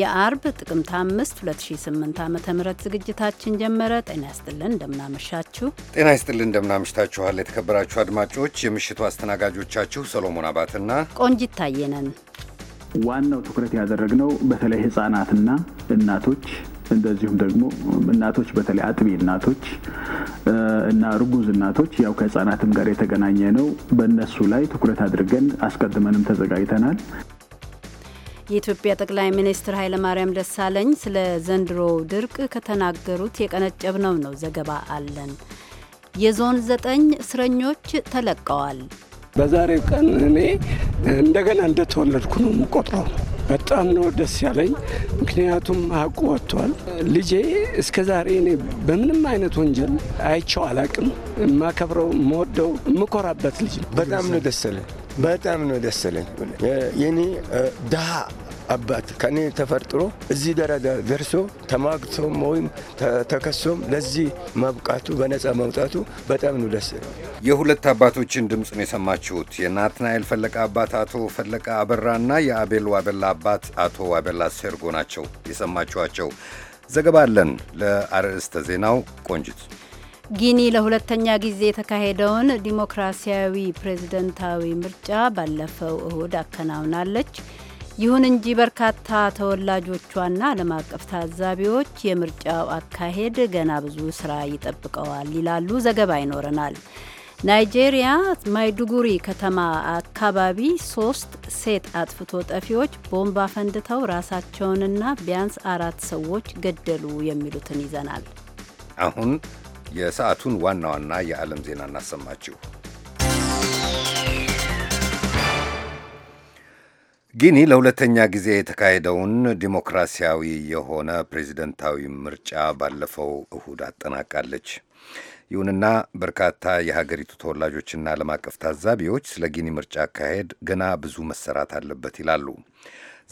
የአርብ ጥቅምት 5 2008 ዓ ም ዝግጅታችን ጀመረ። ጤና ይስጥልን እንደምናመሻችሁ። ጤና ይስጥልን እንደምናመሽታችኋል። የተከበራችሁ አድማጮች የምሽቱ አስተናጋጆቻችሁ ሰሎሞን አባትና ቆንጂት ታየነን። ዋናው ትኩረት ያደረግነው በተለይ ህጻናትና እናቶች እንደዚሁም ደግሞ እናቶች በተለይ አጥቢ እናቶች እና ርጉዝ እናቶች ያው ከህጻናትም ጋር የተገናኘ ነው። በእነሱ ላይ ትኩረት አድርገን አስቀድመንም ተዘጋጅተናል። የኢትዮጵያ ጠቅላይ ሚኒስትር ኃይለማርያም ደሳለኝ ስለ ዘንድሮ ድርቅ ከተናገሩት የቀነጨብነው ነው። ዘገባ አለን። የዞን ዘጠኝ እስረኞች ተለቀዋል። በዛሬው ቀን እኔ እንደገና እንደተወለድኩ ነው የምቆጥረው። በጣም ነው ደስ ያለኝ፣ ምክንያቱም ሀቁ ወጥቷል። ልጄ እስከ ዛሬ እኔ በምንም አይነት ወንጀል አይቸው አላቅም። የማከብረው የምወደው የምኮራበት ልጅ ነው። በጣም ነው ደስ ያለኝ። በጣም ነው ደስ ያለኝ። የኔ ድሃ አባት ከኔ ተፈርጥሮ እዚህ ደረጃ ደርሶ ተማግቶም ወይም ተከሶም ለዚህ መብቃቱ በነፃ መውጣቱ በጣም ነው ደስ የሁለት አባቶችን ድምፅ ነው የሰማችሁት። የናትናኤል ፈለቀ አባት አቶ ፈለቀ አበራና የአቤል ዋቤላ አባት አቶ ዋቤላ ሴርጎ ናቸው የሰማችኋቸው። ዘገባ አለን ለአርዕስተ ዜናው ቆንጅት ጊኒ ለሁለተኛ ጊዜ የተካሄደውን ዲሞክራሲያዊ ፕሬዝደንታዊ ምርጫ ባለፈው እሁድ አከናውናለች። ይሁን እንጂ በርካታ ተወላጆቿና ዓለም አቀፍ ታዛቢዎች የምርጫው አካሄድ ገና ብዙ ስራ ይጠብቀዋል ይላሉ። ዘገባ ይኖረናል። ናይጄሪያ ማይዱጉሪ ከተማ አካባቢ ሶስት ሴት አጥፍቶ ጠፊዎች ቦምብ አፈንድተው ራሳቸውንና ቢያንስ አራት ሰዎች ገደሉ የሚሉትን ይዘናል። አሁን የሰዓቱን ዋና ዋና የዓለም ዜና እናሰማችሁ። ጊኒ ለሁለተኛ ጊዜ የተካሄደውን ዲሞክራሲያዊ የሆነ ፕሬዚደንታዊ ምርጫ ባለፈው እሁድ አጠናቃለች። ይሁንና በርካታ የሀገሪቱ ተወላጆችና ዓለም አቀፍ ታዛቢዎች ስለ ጊኒ ምርጫ አካሄድ ገና ብዙ መሰራት አለበት ይላሉ።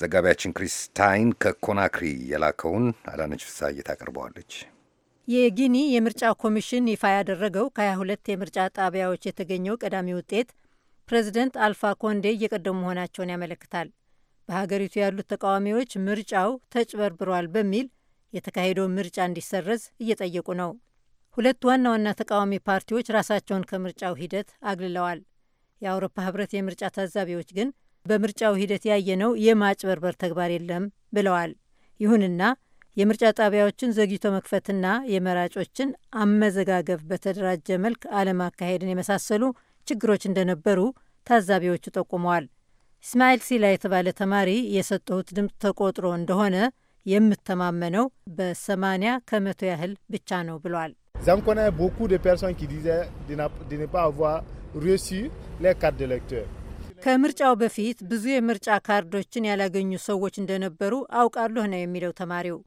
ዘጋቢያችን ክሪስታይን ከኮናክሪ የላከውን አዳነች ፍስሐ ታቀርበዋለች። የጊኒ የምርጫ ኮሚሽን ይፋ ያደረገው ከ22 የምርጫ ጣቢያዎች የተገኘው ቀዳሚ ውጤት ፕሬዚደንት አልፋ ኮንዴ እየቀደሙ መሆናቸውን ያመለክታል። በሀገሪቱ ያሉት ተቃዋሚዎች ምርጫው ተጭበርብሯል በሚል የተካሄደው ምርጫ እንዲሰረዝ እየጠየቁ ነው። ሁለት ዋና ዋና ተቃዋሚ ፓርቲዎች ራሳቸውን ከምርጫው ሂደት አግልለዋል። የአውሮፓ ህብረት የምርጫ ታዛቢዎች ግን በምርጫው ሂደት ያየነው የማጭበርበር ተግባር የለም ብለዋል። ይሁንና የምርጫ ጣቢያዎችን ዘግይቶ መክፈትና የመራጮችን አመዘጋገብ በተደራጀ መልክ አለማካሄድን የመሳሰሉ ችግሮች እንደነበሩ ታዛቢዎቹ ጠቁመዋል። እስማኤል ሲላ የተባለ ተማሪ የሰጠሁት ድምፅ ተቆጥሮ እንደሆነ የምተማመነው በሰማንያ ከመቶ ያህል ብቻ ነው ብሏል። ከምርጫው በፊት ብዙ የምርጫ ካርዶችን ያላገኙ ሰዎች እንደነበሩ አውቃለሁ ነው የሚለው ተማሪው።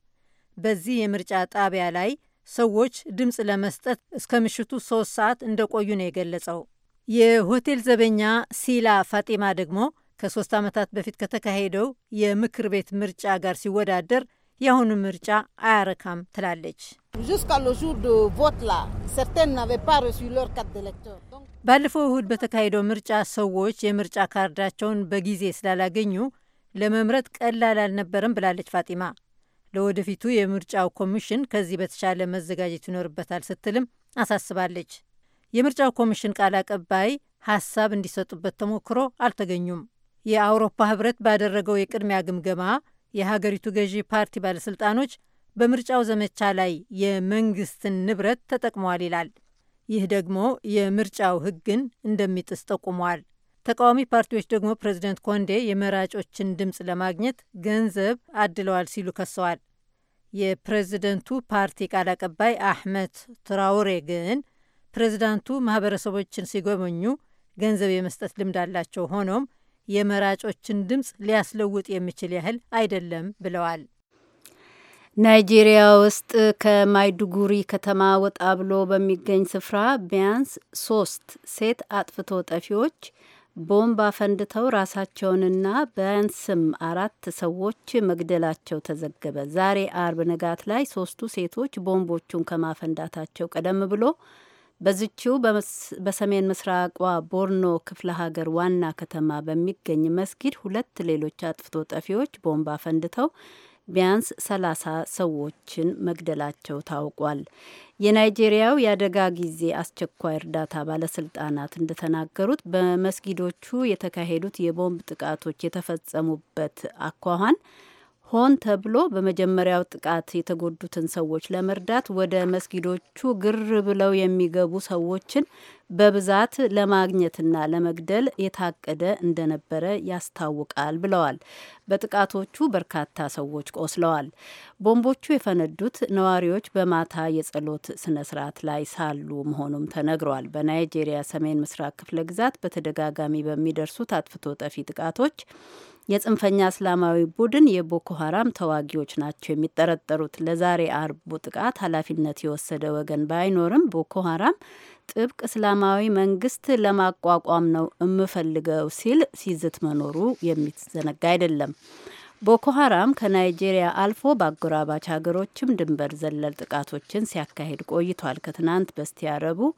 በዚህ የምርጫ ጣቢያ ላይ ሰዎች ድምፅ ለመስጠት እስከ ምሽቱ ሶስት ሰዓት እንደቆዩ ነው የገለጸው። የሆቴል ዘበኛ ሲላ ፋጢማ ደግሞ ከሶስት ዓመታት በፊት ከተካሄደው የምክር ቤት ምርጫ ጋር ሲወዳደር የአሁኑ ምርጫ አያረካም ትላለች። ባለፈው እሁድ በተካሄደው ምርጫ ሰዎች የምርጫ ካርዳቸውን በጊዜ ስላላገኙ ለመምረጥ ቀላል አልነበረም ብላለች ፋጢማ። ለወደፊቱ የምርጫው ኮሚሽን ከዚህ በተሻለ መዘጋጀት ይኖርበታል ስትልም አሳስባለች። የምርጫው ኮሚሽን ቃል አቀባይ ሀሳብ እንዲሰጡበት ተሞክሮ አልተገኙም። የአውሮፓ ህብረት ባደረገው የቅድሚያ ግምገማ የሀገሪቱ ገዢ ፓርቲ ባለሥልጣኖች በምርጫው ዘመቻ ላይ የመንግስትን ንብረት ተጠቅመዋል ይላል። ይህ ደግሞ የምርጫው ህግን እንደሚጥስ ጠቁመዋል። ተቃዋሚ ፓርቲዎች ደግሞ ፕሬዚደንት ኮንዴ የመራጮችን ድምፅ ለማግኘት ገንዘብ አድለዋል ሲሉ ከሰዋል። የፕሬዝደንቱ ፓርቲ ቃል አቀባይ አሕመድ ትራውሬ ግን ፕሬዝዳንቱ ማህበረሰቦችን ሲጎበኙ ገንዘብ የመስጠት ልምድ አላቸው፣ ሆኖም የመራጮችን ድምፅ ሊያስለውጥ የሚችል ያህል አይደለም ብለዋል። ናይጄሪያ ውስጥ ከማይዱጉሪ ከተማ ወጣ ብሎ በሚገኝ ስፍራ ቢያንስ ሶስት ሴት አጥፍቶ ጠፊዎች ቦምብ አፈንድተው ራሳቸውንና ቢያንስም አራት ሰዎች መግደላቸው ተዘገበ። ዛሬ አርብ ንጋት ላይ ሶስቱ ሴቶች ቦምቦቹን ከማፈንዳታቸው ቀደም ብሎ በዝችው በሰሜን ምስራቋ ቦርኖ ክፍለ ሀገር ዋና ከተማ በሚገኝ መስጊድ ሁለት ሌሎች አጥፍቶ ጠፊዎች ቦምብ አፈንድተው ቢያንስ 30 ሰዎችን መግደላቸው ታውቋል። የናይጄሪያው የአደጋ ጊዜ አስቸኳይ እርዳታ ባለስልጣናት እንደተናገሩት በመስጊዶቹ የተካሄዱት የቦምብ ጥቃቶች የተፈጸሙበት አኳኋን ሆን ተብሎ በመጀመሪያው ጥቃት የተጎዱትን ሰዎች ለመርዳት ወደ መስጊዶቹ ግር ብለው የሚገቡ ሰዎችን በብዛት ለማግኘትና ለመግደል የታቀደ እንደነበረ ያስታውቃል ብለዋል። በጥቃቶቹ በርካታ ሰዎች ቆስለዋል። ቦምቦቹ የፈነዱት ነዋሪዎች በማታ የጸሎት ስነ ስርዓት ላይ ሳሉ መሆኑም ተነግሯል። በናይጄሪያ ሰሜን ምስራቅ ክፍለ ግዛት በተደጋጋሚ በሚደርሱት አጥፍቶ ጠፊ ጥቃቶች የጽንፈኛ እስላማዊ ቡድን የቦኮ ሀራም ተዋጊዎች ናቸው የሚጠረጠሩት። ለዛሬ አርቡ ጥቃት ኃላፊነት የወሰደ ወገን ባይኖርም ቦኮ ሀራም ጥብቅ እስላማዊ መንግስት ለማቋቋም ነው የምፈልገው ሲል ሲዝት መኖሩ የሚዘነጋ አይደለም። ቦኮ ሀራም ከናይጄሪያ አልፎ በአጎራባች ሀገሮችም ድንበር ዘለል ጥቃቶችን ሲያካሂድ ቆይቷል። ከትናንት በስቲያ ረቡዕ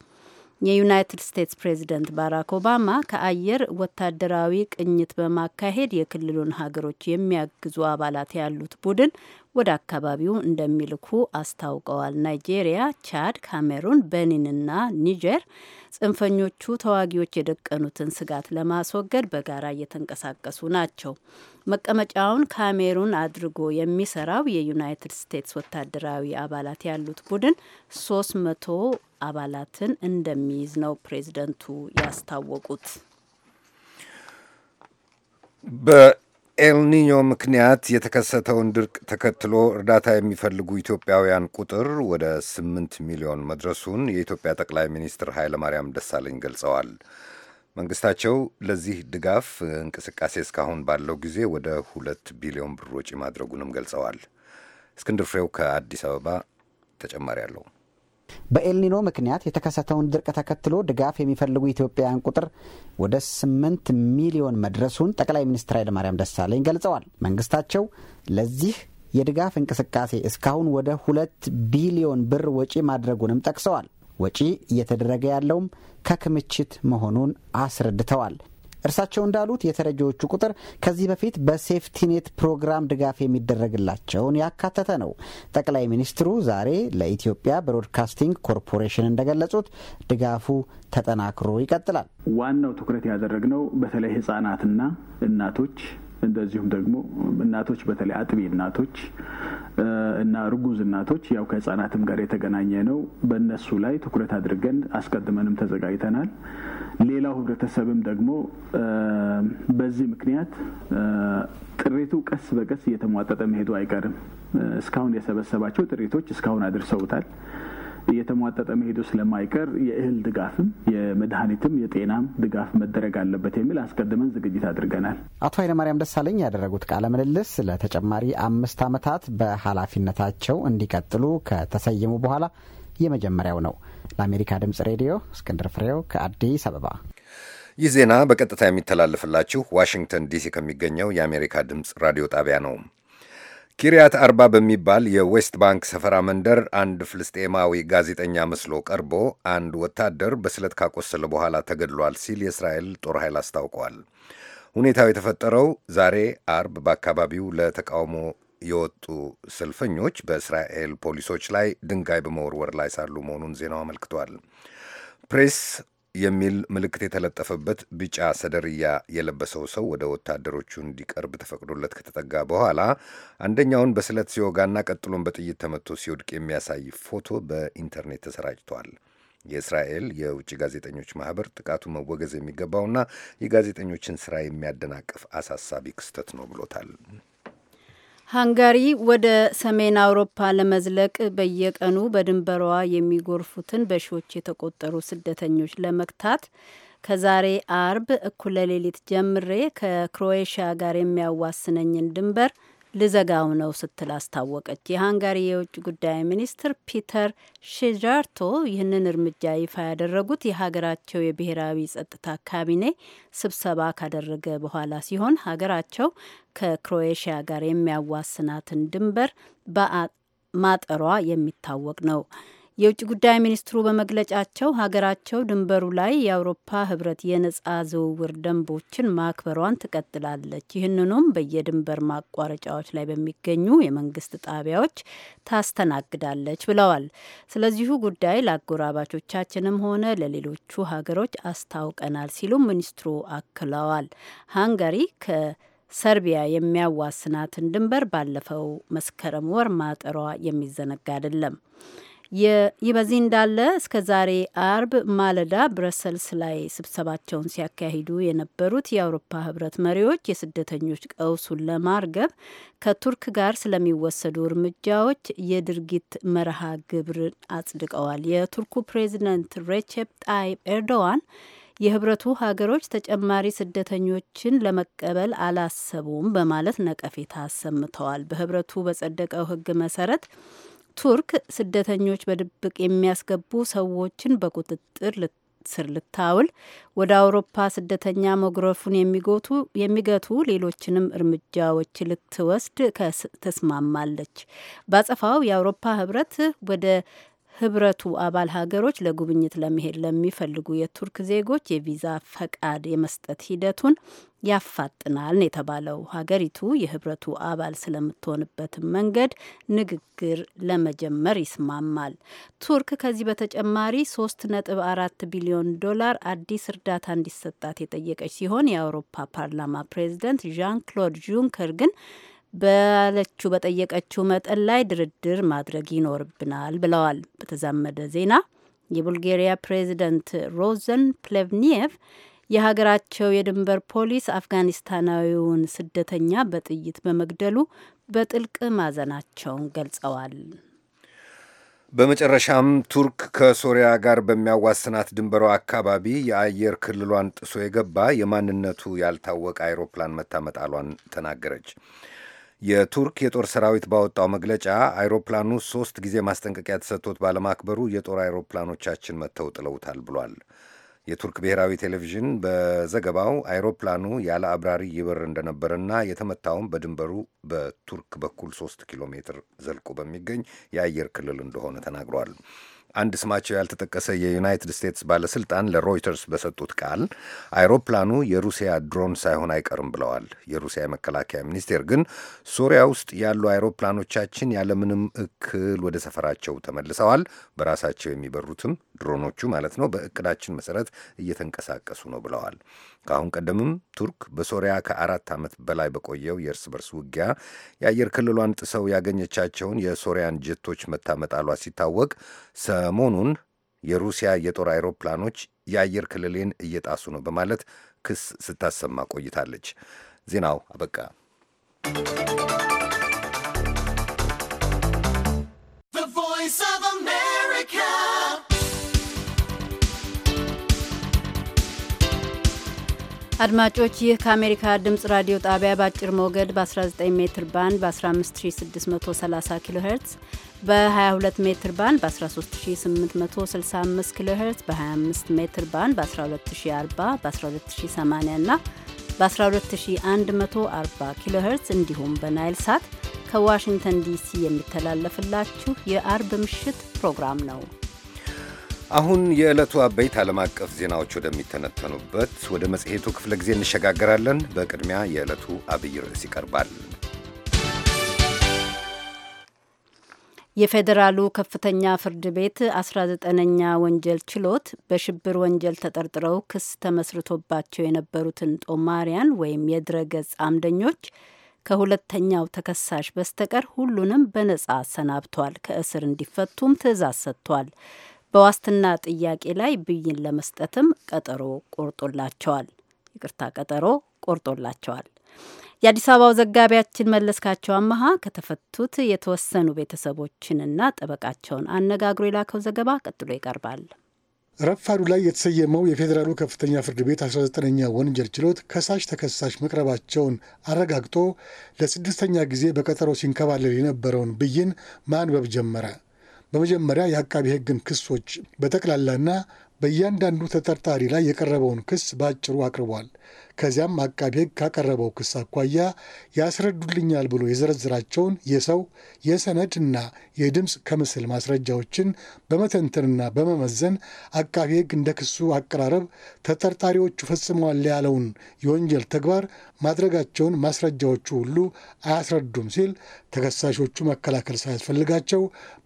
የዩናይትድ ስቴትስ ፕሬዚደንት ባራክ ኦባማ ከአየር ወታደራዊ ቅኝት በማካሄድ የክልሉን ሀገሮች የሚያግዙ አባላት ያሉት ቡድን ወደ አካባቢው እንደሚልኩ አስታውቀዋል። ናይጄሪያ፣ ቻድ፣ ካሜሩን፣ በኒንና ኒጀር ጽንፈኞቹ ተዋጊዎች የደቀኑትን ስጋት ለማስወገድ በጋራ እየተንቀሳቀሱ ናቸው። መቀመጫውን ካሜሩን አድርጎ የሚሰራው የዩናይትድ ስቴትስ ወታደራዊ አባላት ያሉት ቡድን ሶስት መቶ አባላትን እንደሚይዝ ነው ፕሬዚደንቱ ያስታወቁት። በኤልኒኞ ምክንያት የተከሰተውን ድርቅ ተከትሎ እርዳታ የሚፈልጉ ኢትዮጵያውያን ቁጥር ወደ ስምንት ሚሊዮን መድረሱን የኢትዮጵያ ጠቅላይ ሚኒስትር ኃይለማርያም ደሳለኝ ገልጸዋል። መንግስታቸው ለዚህ ድጋፍ እንቅስቃሴ እስካሁን ባለው ጊዜ ወደ ሁለት ቢሊዮን ብር ወጪ ማድረጉንም ገልጸዋል። እስክንድር ፍሬው ከአዲስ አበባ ተጨማሪ አለው። በኤልኒኖ ምክንያት የተከሰተውን ድርቅ ተከትሎ ድጋፍ የሚፈልጉ ኢትዮጵያውያን ቁጥር ወደ ስምንት ሚሊዮን መድረሱን ጠቅላይ ሚኒስትር ኃይለማርያም ደሳለኝ ገልጸዋል። መንግስታቸው ለዚህ የድጋፍ እንቅስቃሴ እስካሁን ወደ ሁለት ቢሊዮን ብር ወጪ ማድረጉንም ጠቅሰዋል። ወጪ እየተደረገ ያለውም ከክምችት መሆኑን አስረድተዋል። እርሳቸው እንዳሉት የተረጂዎቹ ቁጥር ከዚህ በፊት በሴፍቲኔት ፕሮግራም ድጋፍ የሚደረግላቸውን ያካተተ ነው። ጠቅላይ ሚኒስትሩ ዛሬ ለኢትዮጵያ ብሮድካስቲንግ ኮርፖሬሽን እንደገለጹት ድጋፉ ተጠናክሮ ይቀጥላል። ዋናው ትኩረት ያደረግነው በተለይ ህጻናትና እናቶች እንደዚሁም ደግሞ እናቶች በተለይ አጥቢ እናቶች እና ርጉዝ እናቶች ያው ከህጻናትም ጋር የተገናኘ ነው። በእነሱ ላይ ትኩረት አድርገን አስቀድመንም ተዘጋጅተናል። ሌላው ህብረተሰብም ደግሞ በዚህ ምክንያት ጥሪቱ ቀስ በቀስ እየተሟጠጠ መሄዱ አይቀርም። እስካሁን የሰበሰባቸው ጥሪቶች እስካሁን አድርሰውታል። እየተሟጠጠ መሄዱ ስለማይቀር የእህል ድጋፍም የመድኃኒትም የጤናም ድጋፍ መደረግ አለበት የሚል አስቀድመን ዝግጅት አድርገናል። አቶ ኃይለማርያም ደሳለኝ ያደረጉት ቃለ ምልልስ ለተጨማሪ አምስት ዓመታት በኃላፊነታቸው እንዲቀጥሉ ከተሰየሙ በኋላ የመጀመሪያው ነው። ለአሜሪካ ድምጽ ሬዲዮ እስክንድር ፍሬው ከአዲስ አበባ። ይህ ዜና በቀጥታ የሚተላለፍላችሁ ዋሽንግተን ዲሲ ከሚገኘው የአሜሪካ ድምፅ ራዲዮ ጣቢያ ነው። ኪሪያት አርባ በሚባል የዌስት ባንክ ሰፈራ መንደር አንድ ፍልስጤማዊ ጋዜጠኛ መስሎ ቀርቦ አንድ ወታደር በስለት ካቆሰለ በኋላ ተገድሏል ሲል የእስራኤል ጦር ኃይል አስታውቀዋል። ሁኔታው የተፈጠረው ዛሬ አርብ በአካባቢው ለተቃውሞ የወጡ ሰልፈኞች በእስራኤል ፖሊሶች ላይ ድንጋይ በመወርወር ላይ ሳሉ መሆኑን ዜናው አመልክቷል። ፕሬስ የሚል ምልክት የተለጠፈበት ቢጫ ሰደርያ የለበሰው ሰው ወደ ወታደሮቹ እንዲቀርብ ተፈቅዶለት ከተጠጋ በኋላ አንደኛውን በስለት ሲወጋና ቀጥሎን በጥይት ተመቶ ሲወድቅ የሚያሳይ ፎቶ በኢንተርኔት ተሰራጭቷል። የእስራኤል የውጭ ጋዜጠኞች ማህበር ጥቃቱ መወገዝ የሚገባውና የጋዜጠኞችን ስራ የሚያደናቅፍ አሳሳቢ ክስተት ነው ብሎታል። ሃንጋሪ ወደ ሰሜን አውሮፓ ለመዝለቅ በየቀኑ በድንበሯ የሚጎርፉትን በሺዎች የተቆጠሩ ስደተኞች ለመግታት ከዛሬ አርብ እኩለ ሌሊት ጀምሬ ከክሮኤሽያ ጋር የሚያዋስነኝን ድንበር ልዘጋው ነው ስትል አስታወቀች። የሃንጋሪ የውጭ ጉዳይ ሚኒስትር ፒተር ሽጃርቶ ይህንን እርምጃ ይፋ ያደረጉት የሀገራቸው የብሔራዊ ጸጥታ ካቢኔ ስብሰባ ካደረገ በኋላ ሲሆን ሀገራቸው ከክሮኤሽያ ጋር የሚያዋስናትን ድንበር ማጠሯ የሚታወቅ ነው። የውጭ ጉዳይ ሚኒስትሩ በመግለጫቸው ሀገራቸው ድንበሩ ላይ የአውሮፓ ህብረት የነጻ ዝውውር ደንቦችን ማክበሯን ትቀጥላለች። ይህንኑም በየድንበር ማቋረጫዎች ላይ በሚገኙ የመንግስት ጣቢያዎች ታስተናግዳለች ብለዋል። ስለዚሁ ጉዳይ ለአጎራባቾቻችንም ሆነ ለሌሎቹ ሀገሮች አስታውቀናል ሲሉም ሚኒስትሩ አክለዋል። ሃንጋሪ ከ ሰርቢያ የሚያዋስናትን ድንበር ባለፈው መስከረም ወር ማጠሯ የሚዘነጋ አይደለም። በዚህ እንዳለ እስከ ዛሬ አርብ ማለዳ ብረሰልስ ላይ ስብሰባቸውን ሲያካሂዱ የነበሩት የአውሮፓ ህብረት መሪዎች የስደተኞች ቀውሱን ለማርገብ ከቱርክ ጋር ስለሚወሰዱ እርምጃዎች የድርጊት መርሃ ግብር አጽድቀዋል። የቱርኩ ፕሬዚደንት ሬቼፕ ጣይብ ኤርዶዋን የህብረቱ ሀገሮች ተጨማሪ ስደተኞችን ለመቀበል አላሰቡም በማለት ነቀፌታ አሰምተዋል። በህብረቱ በጸደቀው ህግ መሰረት ቱርክ ስደተኞች በድብቅ የሚያስገቡ ሰዎችን በቁጥጥር ስር ልታውል ወደ አውሮፓ ስደተኛ መጉረፉን የሚጎቱ የሚገቱ ሌሎችንም እርምጃዎች ልትወስድ ተስማማለች። ባጸፋው የአውሮፓ ህብረት ወደ ህብረቱ አባል ሀገሮች ለጉብኝት ለመሄድ ለሚፈልጉ የቱርክ ዜጎች የቪዛ ፈቃድ የመስጠት ሂደቱን ያፋጥናል ነው የተባለው። ሀገሪቱ የህብረቱ አባል ስለምትሆንበት መንገድ ንግግር ለመጀመር ይስማማል። ቱርክ ከዚህ በተጨማሪ ሶስት ነጥብ አራት ቢሊዮን ዶላር አዲስ እርዳታ እንዲሰጣት የጠየቀች ሲሆን የአውሮፓ ፓርላማ ፕሬዚደንት ዣን ክሎድ ጁንከር ግን ባለችው በጠየቀችው መጠን ላይ ድርድር ማድረግ ይኖርብናል ብለዋል። በተዛመደ ዜና የቡልጌሪያ ፕሬዚደንት ሮዘን ፕሌቭኒየቭ የሀገራቸው የድንበር ፖሊስ አፍጋኒስታናዊውን ስደተኛ በጥይት በመግደሉ በጥልቅ ማዘናቸውን ገልጸዋል። በመጨረሻም ቱርክ ከሶሪያ ጋር በሚያዋስናት ድንበሯ አካባቢ የአየር ክልሏን ጥሶ የገባ የማንነቱ ያልታወቀ አይሮፕላን መታመጣሏን ተናገረች። የቱርክ የጦር ሰራዊት ባወጣው መግለጫ አይሮፕላኑ ሶስት ጊዜ ማስጠንቀቂያ ተሰጥቶት ባለማክበሩ የጦር አይሮፕላኖቻችን መጥተው ጥለውታል ብሏል። የቱርክ ብሔራዊ ቴሌቪዥን በዘገባው አይሮፕላኑ ያለ አብራሪ ይበር እንደነበረና የተመታውም በድንበሩ በቱርክ በኩል ሶስት ኪሎ ሜትር ዘልቆ በሚገኝ የአየር ክልል እንደሆነ ተናግሯል። አንድ ስማቸው ያልተጠቀሰ የዩናይትድ ስቴትስ ባለስልጣን ለሮይተርስ በሰጡት ቃል አይሮፕላኑ የሩሲያ ድሮን ሳይሆን አይቀርም ብለዋል። የሩሲያ የመከላከያ ሚኒስቴር ግን ሶሪያ ውስጥ ያሉ አይሮፕላኖቻችን ያለምንም እክል ወደ ሰፈራቸው ተመልሰዋል፣ በራሳቸው የሚበሩትም ድሮኖቹ ማለት ነው በእቅዳችን መሰረት እየተንቀሳቀሱ ነው ብለዋል። ከአሁን ቀደምም ቱርክ በሶሪያ ከአራት ዓመት በላይ በቆየው የእርስ በርስ ውጊያ የአየር ክልሏን ጥሰው ያገኘቻቸውን የሶሪያን ጀቶች መታመጣሏ ሲታወቅ ሰሞኑን የሩሲያ የጦር አይሮፕላኖች የአየር ክልሌን እየጣሱ ነው በማለት ክስ ስታሰማ ቆይታለች። ዜናው አበቃ። አድማጮች ይህ ከአሜሪካ ድምጽ ራዲዮ ጣቢያ በአጭር ሞገድ በ19 ሜትር ባንድ በ15630 ኪሎ ሄርትስ በ22 ሜትር ባንድ በ13865 ኪሎ ሄርትስ በ25 ሜትር ባንድ በ12040 በ12080 እና በ12140 ኪሎ ሄርትስ እንዲሁም በናይል ሳት ከዋሽንግተን ዲሲ የሚተላለፍላችሁ የአርብ ምሽት ፕሮግራም ነው። አሁን የዕለቱ አበይት ዓለም አቀፍ ዜናዎች ወደሚተነተኑበት ወደ መጽሔቱ ክፍለ ጊዜ እንሸጋገራለን። በቅድሚያ የዕለቱ አብይ ርዕስ ይቀርባል። የፌዴራሉ ከፍተኛ ፍርድ ቤት 19ኛ ወንጀል ችሎት በሽብር ወንጀል ተጠርጥረው ክስ ተመስርቶባቸው የነበሩትን ጦማሪያን ወይም የድረገጽ አምደኞች ከሁለተኛው ተከሳሽ በስተቀር ሁሉንም በነጻ አሰናብቷል። ከእስር እንዲፈቱም ትዕዛዝ ሰጥቷል። በዋስትና ጥያቄ ላይ ብይን ለመስጠትም ቀጠሮ ቆርጦላቸዋል። ይቅርታ ቀጠሮ ቆርጦላቸዋል። የአዲስ አበባው ዘጋቢያችን መለስካቸው አመሀ ከተፈቱት የተወሰኑ ቤተሰቦችንና ጠበቃቸውን አነጋግሮ የላከው ዘገባ ቀጥሎ ይቀርባል። ረፋዱ ላይ የተሰየመው የፌዴራሉ ከፍተኛ ፍርድ ቤት 19ኛ ወንጀል ችሎት ከሳሽ ተከሳሽ መቅረባቸውን አረጋግጦ ለስድስተኛ ጊዜ በቀጠሮ ሲንከባለል የነበረውን ብይን ማንበብ ጀመረ። በመጀመሪያ የአቃቢ ህግን ክሶች በጠቅላላና በእያንዳንዱ ተጠርጣሪ ላይ የቀረበውን ክስ በአጭሩ አቅርቧል። ከዚያም አቃቢ ሕግ ካቀረበው ክስ አኳያ ያስረዱልኛል ብሎ የዘረዝራቸውን የሰው የሰነድ እና የድምፅ ከምስል ማስረጃዎችን በመተንተንና በመመዘን አቃቢ ሕግ እንደ ክሱ አቀራረብ ተጠርጣሪዎቹ ፈጽመዋል ያለውን የወንጀል ተግባር ማድረጋቸውን ማስረጃዎቹ ሁሉ አያስረዱም ሲል ተከሳሾቹ መከላከል ሳያስፈልጋቸው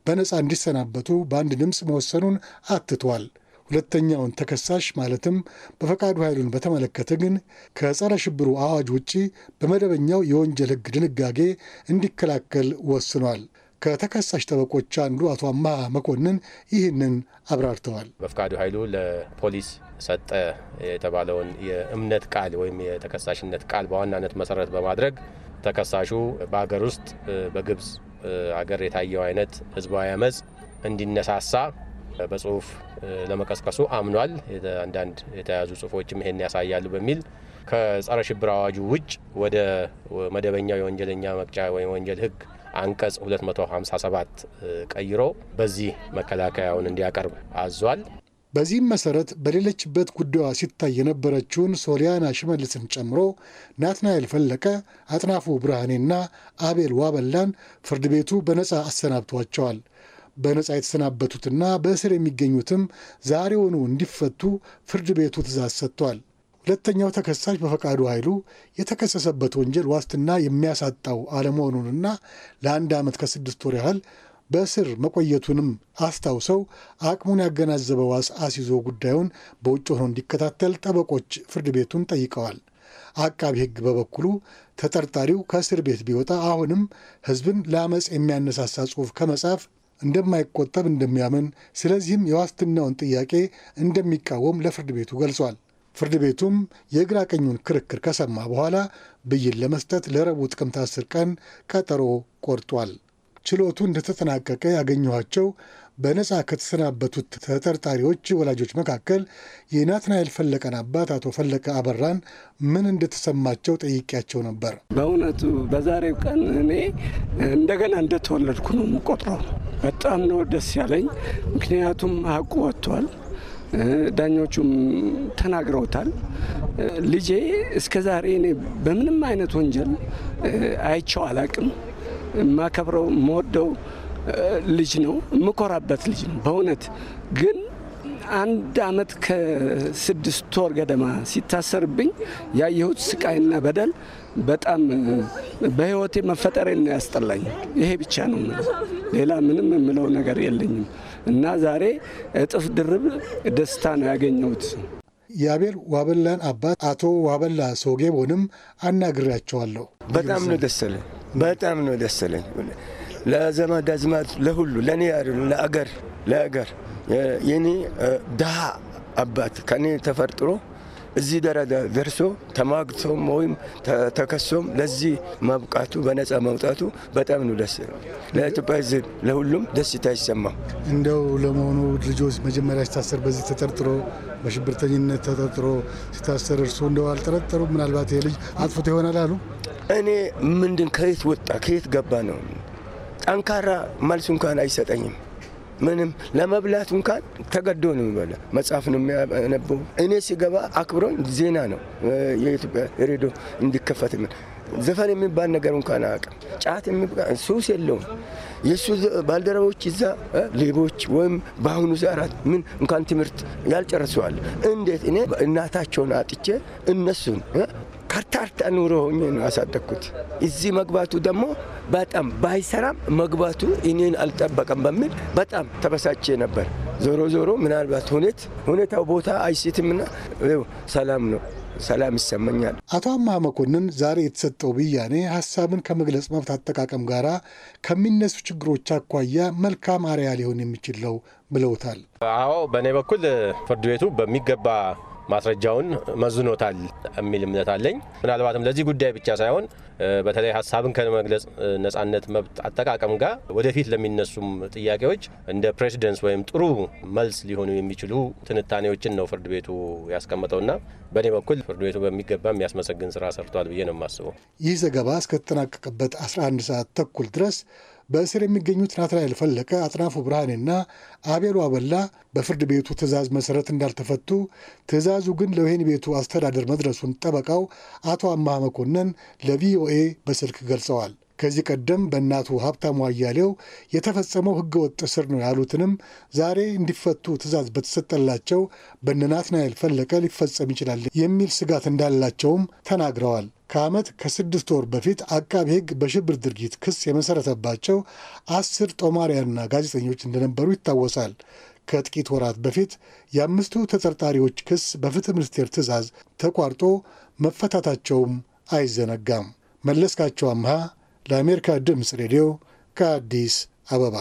በነፃ እንዲሰናበቱ በአንድ ድምፅ መወሰኑን አትቷል። ሁለተኛውን ተከሳሽ ማለትም በፈቃዱ ኃይሉን በተመለከተ ግን ከጸረ ሽብሩ አዋጅ ውጪ በመደበኛው የወንጀል ሕግ ድንጋጌ እንዲከላከል ወስኗል። ከተከሳሽ ጠበቆች አንዱ አቶ አማ መኮንን ይህንን አብራርተዋል። በፍቃዱ ኃይሉ ለፖሊስ ሰጠ የተባለውን የእምነት ቃል ወይም የተከሳሽነት ቃል በዋናነት መሰረት በማድረግ ተከሳሹ በሀገር ውስጥ በግብፅ አገር የታየው አይነት ህዝባዊ አመፅ እንዲነሳሳ በጽሁፍ ለመቀስቀሱ አምኗል። አንዳንድ የተያዙ ጽሁፎችም ይሄን ያሳያሉ በሚል ከጸረ ሽብር አዋጁ ውጭ ወደ መደበኛው የወንጀለኛ መቅጫ ወይም ወንጀል ህግ አንቀጽ 257 ቀይሮ በዚህ መከላከያውን እንዲያቀርብ አዟል። በዚህም መሰረት በሌለችበት ጉዳዩ ሲታይ የነበረችውን ሶሊያና ሽመልስን ጨምሮ ናትናኤል ፈለቀ፣ አጥናፉ ብርሃኔና አቤል ዋበላን ፍርድ ቤቱ በነጻ አሰናብቷቸዋል። በነጻ የተሰናበቱትና በእስር የሚገኙትም ዛሬውኑ እንዲፈቱ ፍርድ ቤቱ ትእዛዝ ሰጥቷል። ሁለተኛው ተከሳሽ በፈቃዱ ኃይሉ የተከሰሰበት ወንጀል ዋስትና የሚያሳጣው አለመሆኑንና ለአንድ ዓመት ከስድስት ወር ያህል በእስር መቆየቱንም አስታውሰው አቅሙን ያገናዘበ ዋስ አስይዞ ጉዳዩን በውጭ ሆኖ እንዲከታተል ጠበቆች ፍርድ ቤቱን ጠይቀዋል። አቃቢ ሕግ በበኩሉ ተጠርጣሪው ከእስር ቤት ቢወጣ አሁንም ሕዝብን ለአመፅ የሚያነሳሳ ጽሑፍ ከመጻፍ እንደማይቆጠብ እንደሚያምን፣ ስለዚህም የዋስትናውን ጥያቄ እንደሚቃወም ለፍርድ ቤቱ ገልጿል። ፍርድ ቤቱም የግራ ቀኙን ክርክር ከሰማ በኋላ ብይን ለመስጠት ለረቡዕ ጥቅምት 10 ቀን ቀጠሮ ቆርጧል። ችሎቱ እንደተጠናቀቀ ያገኘኋቸው በነጻ ከተሰናበቱት ተጠርጣሪዎች ወላጆች መካከል የናትናኤል ፈለቀን አባት አቶ ፈለቀ አበራን ምን እንደተሰማቸው ጠይቄያቸው ነበር። በእውነቱ በዛሬው ቀን እኔ እንደገና እንደተወለድኩ ነው የምቆጥረው። በጣም ነው ደስ ያለኝ። ምክንያቱም ሀቁ ወጥቷል። ዳኞቹም ተናግረውታል። ልጄ እስከ ዛሬ እኔ በምንም አይነት ወንጀል አይቸው አላቅም። የማከብረው የምወደው ልጅ ነው፣ የምኮራበት ልጅ ነው በእውነት ግን አንድ አመት ከስድስት ወር ገደማ ሲታሰርብኝ ያየሁት ስቃይና በደል በጣም በህይወቴ መፈጠሬን ነው ያስጠላኝ። ይሄ ብቻ ነው የምለው፣ ሌላ ምንም የምለው ነገር የለኝም። እና ዛሬ እጥፍ ድርብ ደስታ ነው ያገኘሁት። የአቤል ዋበላን አባት አቶ ዋበላ ሶጌቦንም አናግሬያቸዋለሁ። በጣም ነው ደሰለኝ፣ በጣም ነው ደሰለኝ። ለዘመድ አዝማድ፣ ለሁሉ ለእኔ ለአገር ለአገር የኔ ድሃ አባት ከኔ ተፈርጥሮ እዚህ ደረጃ ደርሶ ተማግቶም ወይም ተከሶም ለዚህ መብቃቱ በነፃ መውጣቱ በጣም ነው ደስ ለኢትዮጵያ ሕዝብ ለሁሉም ደስታ ይሰማው። እንደው ለመሆኑ ልጆች መጀመሪያ ሲታሰር በዚህ ተጠርጥሮ በሽብርተኝነት ተጠርጥሮ ሲታሰር እርሱ እንደው አልጠረጠሩ ምናልባት ልጅ አጥፍቶ ይሆናል አሉ። እኔ ምንድን ከየት ወጣ ከየት ገባ ነው ጠንካራ መልሱ እንኳን አይሰጠኝም። ምንም ለመብላት እንኳን ተገዶ ነው የሚበላ። መጽሐፍ ነው የሚያነበው። እኔ ሲገባ አክብሮን ዜና ነው የኢትዮጵያ ሬዲዮ እንዲከፈት ምን ዘፈን የሚባል ነገር እንኳን አያውቅም። ጫት ሱስ የለውም። የእሱ ባልደረቦች እዛ ሌቦች ወይም በአሁኑ ሰዓት ምን እንኳን ትምህርት ያልጨርሰዋል። እንዴት እኔ እናታቸውን አጥቼ እነሱን ካርታርታ ኑሮ ሆኜ ነው ያሳደግኩት። እዚህ መግባቱ ደግሞ በጣም ባይሰራም መግባቱ እኔን አልጠበቀም በሚል በጣም ተበሳቼ ነበር። ዞሮ ዞሮ ምናልባት ሁኔት ሁኔታው ቦታ አይሴትምና ሰላም ነው ሰላም ይሰማኛል። አቶ አማ መኮንን ዛሬ የተሰጠው ብያኔ ሀሳብን ከመግለጽ መብት አጠቃቀም ጋር ከሚነሱ ችግሮች አኳያ መልካም አርያ ሊሆን የሚችል ነው ብለውታል። አዎ በእኔ በኩል ፍርድ ቤቱ በሚገባ ማስረጃውን መዝኖታል የሚል እምነት አለኝ። ምናልባትም ለዚህ ጉዳይ ብቻ ሳይሆን በተለይ ሀሳብን ከመግለጽ ነጻነት መብት አጠቃቀም ጋር ወደፊት ለሚነሱም ጥያቄዎች እንደ ፕሬሲደንስ ወይም ጥሩ መልስ ሊሆኑ የሚችሉ ትንታኔዎችን ነው ፍርድ ቤቱ ያስቀመጠውና በእኔ በኩል ፍርድ ቤቱ በሚገባ የሚያስመሰግን ስራ ሰርቷል ብዬ ነው የማስበው። ይህ ዘገባ እስከተጠናቀቀበት 11 ሰዓት ተኩል ድረስ በእስር የሚገኙት ናትናኤል ፈለቀ፣ አጥናፉ ብርሃኔና አቤሉ አበላ በፍርድ ቤቱ ትዕዛዝ መሰረት እንዳልተፈቱ፣ ትዕዛዙ ግን ለወህኒ ቤቱ አስተዳደር መድረሱን ጠበቃው አቶ አማሃ መኮንን ለቪኦኤ በስልክ ገልጸዋል። ከዚህ ቀደም በእናቱ ሀብታሙ አያሌው የተፈጸመው ህገወጥ እስር ነው ያሉትንም ዛሬ እንዲፈቱ ትዕዛዝ በተሰጠላቸው በነ ናትናኤል ፈለቀ ሊፈጸም ይችላል የሚል ስጋት እንዳላቸውም ተናግረዋል። ከዓመት ከስድስት ወር በፊት አቃቢ ሕግ በሽብር ድርጊት ክስ የመሠረተባቸው አስር ጦማሪያና ጋዜጠኞች እንደነበሩ ይታወሳል። ከጥቂት ወራት በፊት የአምስቱ ተጠርጣሪዎች ክስ በፍትህ ሚኒስቴር ትዕዛዝ ተቋርጦ መፈታታቸውም አይዘነጋም። መለስካቸው አምሃ ለአሜሪካ ድምፅ ሬዲዮ ከአዲስ አበባ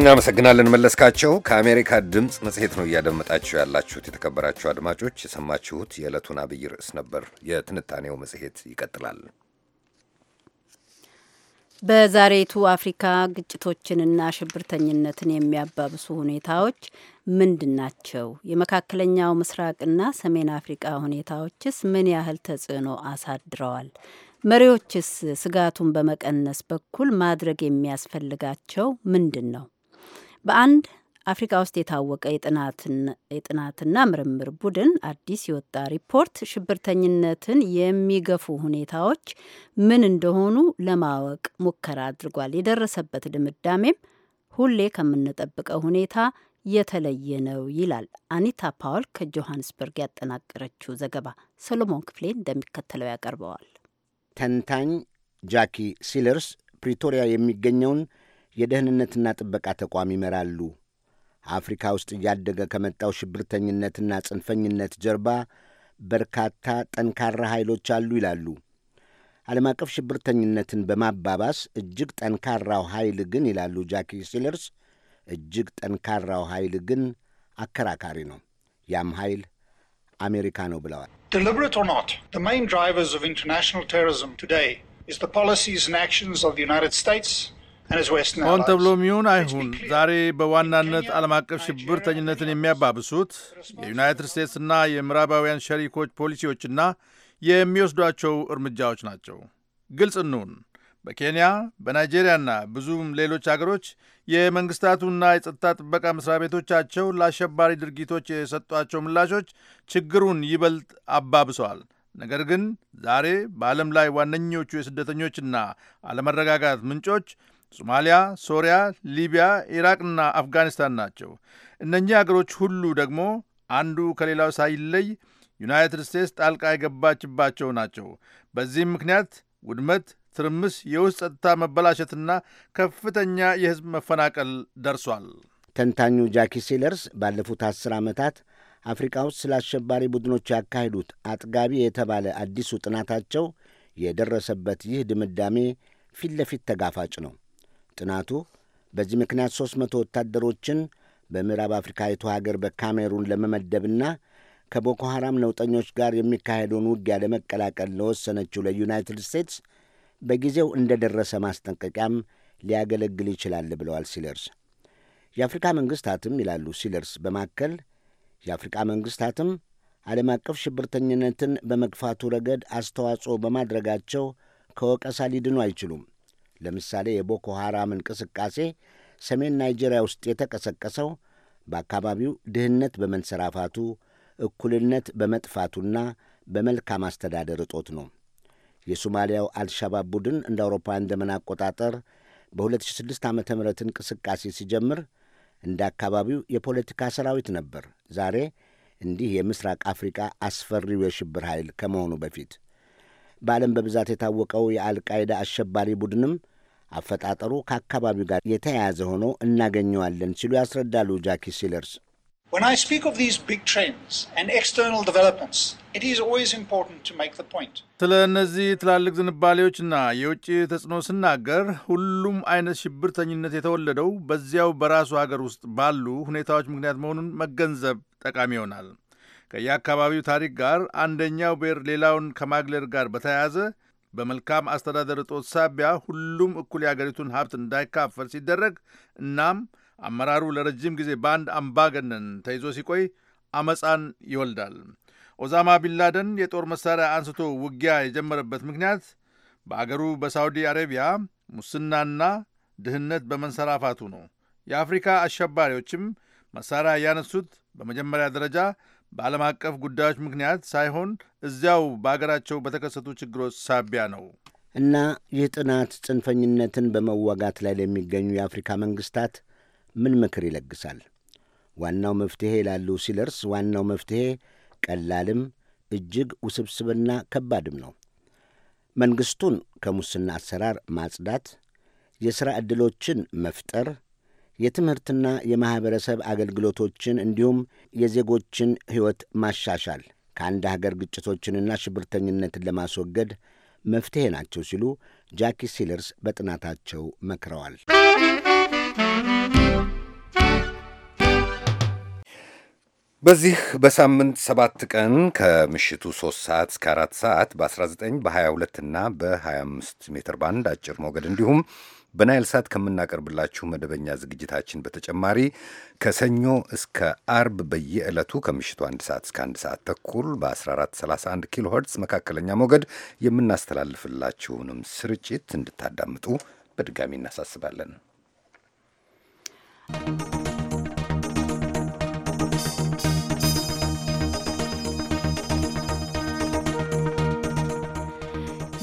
እናመሰግናለን መለስካቸው። ከአሜሪካ ድምፅ መጽሔት ነው እያደመጣችሁ ያላችሁት። የተከበራችሁ አድማጮች የሰማችሁት የዕለቱን አብይ ርዕስ ነበር። የትንታኔው መጽሔት ይቀጥላል። በዛሬቱ አፍሪካ ግጭቶችንና ሽብርተኝነትን የሚያባብሱ ሁኔታዎች ምንድን ናቸው? የመካከለኛው ምስራቅና ሰሜን አፍሪቃ ሁኔታዎችስ ምን ያህል ተጽዕኖ አሳድረዋል? መሪዎችስ ስጋቱን በመቀነስ በኩል ማድረግ የሚያስፈልጋቸው ምንድን ነው? በአንድ አፍሪካ ውስጥ የታወቀ የጥናትና ምርምር ቡድን አዲስ የወጣ ሪፖርት ሽብርተኝነትን የሚገፉ ሁኔታዎች ምን እንደሆኑ ለማወቅ ሙከራ አድርጓል። የደረሰበት ድምዳሜም ሁሌ ከምንጠብቀው ሁኔታ የተለየ ነው ይላል። አኒታ ፓውል ከጆሃንስበርግ ያጠናቀረችው ዘገባ ሰሎሞን ክፍሌ እንደሚከተለው ያቀርበዋል። ተንታኝ ጃኪ ሲለርስ ፕሪቶሪያ የሚገኘውን የደህንነትና ጥበቃ ተቋም ይመራሉ። አፍሪካ ውስጥ እያደገ ከመጣው ሽብርተኝነትና ጽንፈኝነት ጀርባ በርካታ ጠንካራ ኃይሎች አሉ ይላሉ። ዓለም አቀፍ ሽብርተኝነትን በማባባስ እጅግ ጠንካራው ኃይል ግን ይላሉ ጃኪ ሲለርስ፣ እጅግ ጠንካራው ኃይል ግን አከራካሪ ነው። ያም ኃይል አሜሪካ ነው ብለዋል። ሆን ተብሎ የሚሆን አይሁን ዛሬ በዋናነት ዓለም አቀፍ ሽብርተኝነትን የሚያባብሱት የዩናይትድ ስቴትስና የምዕራባውያን ሸሪኮች ፖሊሲዎችና የሚወስዷቸው እርምጃዎች ናቸው። ግልጽ እንሁን፣ በኬንያ በናይጄሪያና ብዙም ሌሎች አገሮች የመንግሥታቱና የጸጥታ ጥበቃ መሥሪያ ቤቶቻቸው ለአሸባሪ ድርጊቶች የሰጧቸው ምላሾች ችግሩን ይበልጥ አባብሰዋል። ነገር ግን ዛሬ በዓለም ላይ ዋነኞቹ የስደተኞችና አለመረጋጋት ምንጮች ሶማሊያ፣ ሶሪያ፣ ሊቢያ፣ ኢራቅና አፍጋኒስታን ናቸው። እነኚህ አገሮች ሁሉ ደግሞ አንዱ ከሌላው ሳይለይ ዩናይትድ ስቴትስ ጣልቃ የገባችባቸው ናቸው። በዚህም ምክንያት ውድመት፣ ትርምስ፣ የውስጥ ጸጥታ መበላሸትና ከፍተኛ የሕዝብ መፈናቀል ደርሷል። ተንታኙ ጃኪ ሴለርስ ባለፉት አስር ዓመታት አፍሪካ ውስጥ ስለ አሸባሪ ቡድኖች ያካሄዱት አጥጋቢ የተባለ አዲሱ ጥናታቸው የደረሰበት ይህ ድምዳሜ ፊት ለፊት ተጋፋጭ ነው። ጥናቱ በዚህ ምክንያት 300 ወታደሮችን በምዕራብ አፍሪካዊቱ ሀገር በካሜሩን ለመመደብና ከቦኮ ሐራም ነውጠኞች ጋር የሚካሄደውን ውጊያ ለመቀላቀል ለወሰነችው ለዩናይትድ ስቴትስ በጊዜው እንደደረሰ ማስጠንቀቂያም ሊያገለግል ይችላል ብለዋል ሲለርስ። የአፍሪካ መንግሥታትም ይላሉ ሲለርስ በማከል የአፍሪካ መንግሥታትም ዓለም አቀፍ ሽብርተኝነትን በመግፋቱ ረገድ አስተዋጽኦ በማድረጋቸው ከወቀሳ ሊድኑ አይችሉም። ለምሳሌ የቦኮ ሐራም እንቅስቃሴ ሰሜን ናይጄሪያ ውስጥ የተቀሰቀሰው በአካባቢው ድህነት በመንሰራፋቱ እኩልነት በመጥፋቱና በመልካም አስተዳደር እጦት ነው። የሶማሊያው አልሻባብ ቡድን እንደ አውሮፓውያን ዘመን አቆጣጠር በ2006 ዓ ም እንቅስቃሴ ሲጀምር እንደ አካባቢው የፖለቲካ ሰራዊት ነበር። ዛሬ እንዲህ የምስራቅ አፍሪቃ አስፈሪው የሽብር ኃይል ከመሆኑ በፊት በዓለም በብዛት የታወቀው የአልቃይዳ አሸባሪ ቡድንም አፈጣጠሩ ከአካባቢው ጋር የተያያዘ ሆኖ እናገኘዋለን ሲሉ ያስረዳሉ ጃኪ ሲለርስ። ስለ እነዚህ ትላልቅ ዝንባሌዎችና የውጭ ተጽዕኖ ስናገር ሁሉም አይነት ሽብርተኝነት የተወለደው በዚያው በራሱ ሀገር ውስጥ ባሉ ሁኔታዎች ምክንያት መሆኑን መገንዘብ ጠቃሚ ይሆናል። ከየአካባቢው ታሪክ ጋር አንደኛው ብሔር ሌላውን ከማግለል ጋር በተያያዘ በመልካም አስተዳደር እጦት ሳቢያ ሁሉም እኩል የአገሪቱን ሀብት እንዳይካፈል ሲደረግ እናም አመራሩ ለረጅም ጊዜ በአንድ አምባገነን ተይዞ ሲቆይ አመፃን ይወልዳል። ኦዛማ ቢንላደን የጦር መሳሪያ አንስቶ ውጊያ የጀመረበት ምክንያት በአገሩ በሳውዲ አረቢያ ሙስናና ድህነት በመንሰራፋቱ ነው። የአፍሪካ አሸባሪዎችም መሳሪያ ያነሱት በመጀመሪያ ደረጃ በዓለም አቀፍ ጉዳዮች ምክንያት ሳይሆን እዚያው በሀገራቸው በተከሰቱ ችግሮች ሳቢያ ነው እና ይህ ጥናት ጽንፈኝነትን በመዋጋት ላይ ለሚገኙ የአፍሪካ መንግስታት ምን ምክር ይለግሳል? ዋናው መፍትሔ ይላሉ ሲለርስ፣ ዋናው መፍትሔ ቀላልም እጅግ ውስብስብና ከባድም ነው። መንግስቱን ከሙስና አሰራር ማጽዳት፣ የሥራ ዕድሎችን መፍጠር የትምህርትና የማኅበረሰብ አገልግሎቶችን እንዲሁም የዜጎችን ሕይወት ማሻሻል ከአንድ ሀገር ግጭቶችንና ሽብርተኝነትን ለማስወገድ መፍትሔ ናቸው ሲሉ ጃኪ ሲለርስ በጥናታቸው መክረዋል። በዚህ በሳምንት ሰባት ቀን ከምሽቱ 3 ሰዓት እስከ 4 ሰዓት በ19 በ22 እና በ25 ሜትር ባንድ አጭር ሞገድ እንዲሁም በናይል ሳት ከምናቀርብላችሁ መደበኛ ዝግጅታችን በተጨማሪ ከሰኞ እስከ አርብ በየዕለቱ ከምሽቱ አንድ ሰዓት እስከ አንድ ሰዓት ተኩል በ1431 ኪሎ ኸርትዝ መካከለኛ ሞገድ የምናስተላልፍላችሁንም ስርጭት እንድታዳምጡ በድጋሚ እናሳስባለን።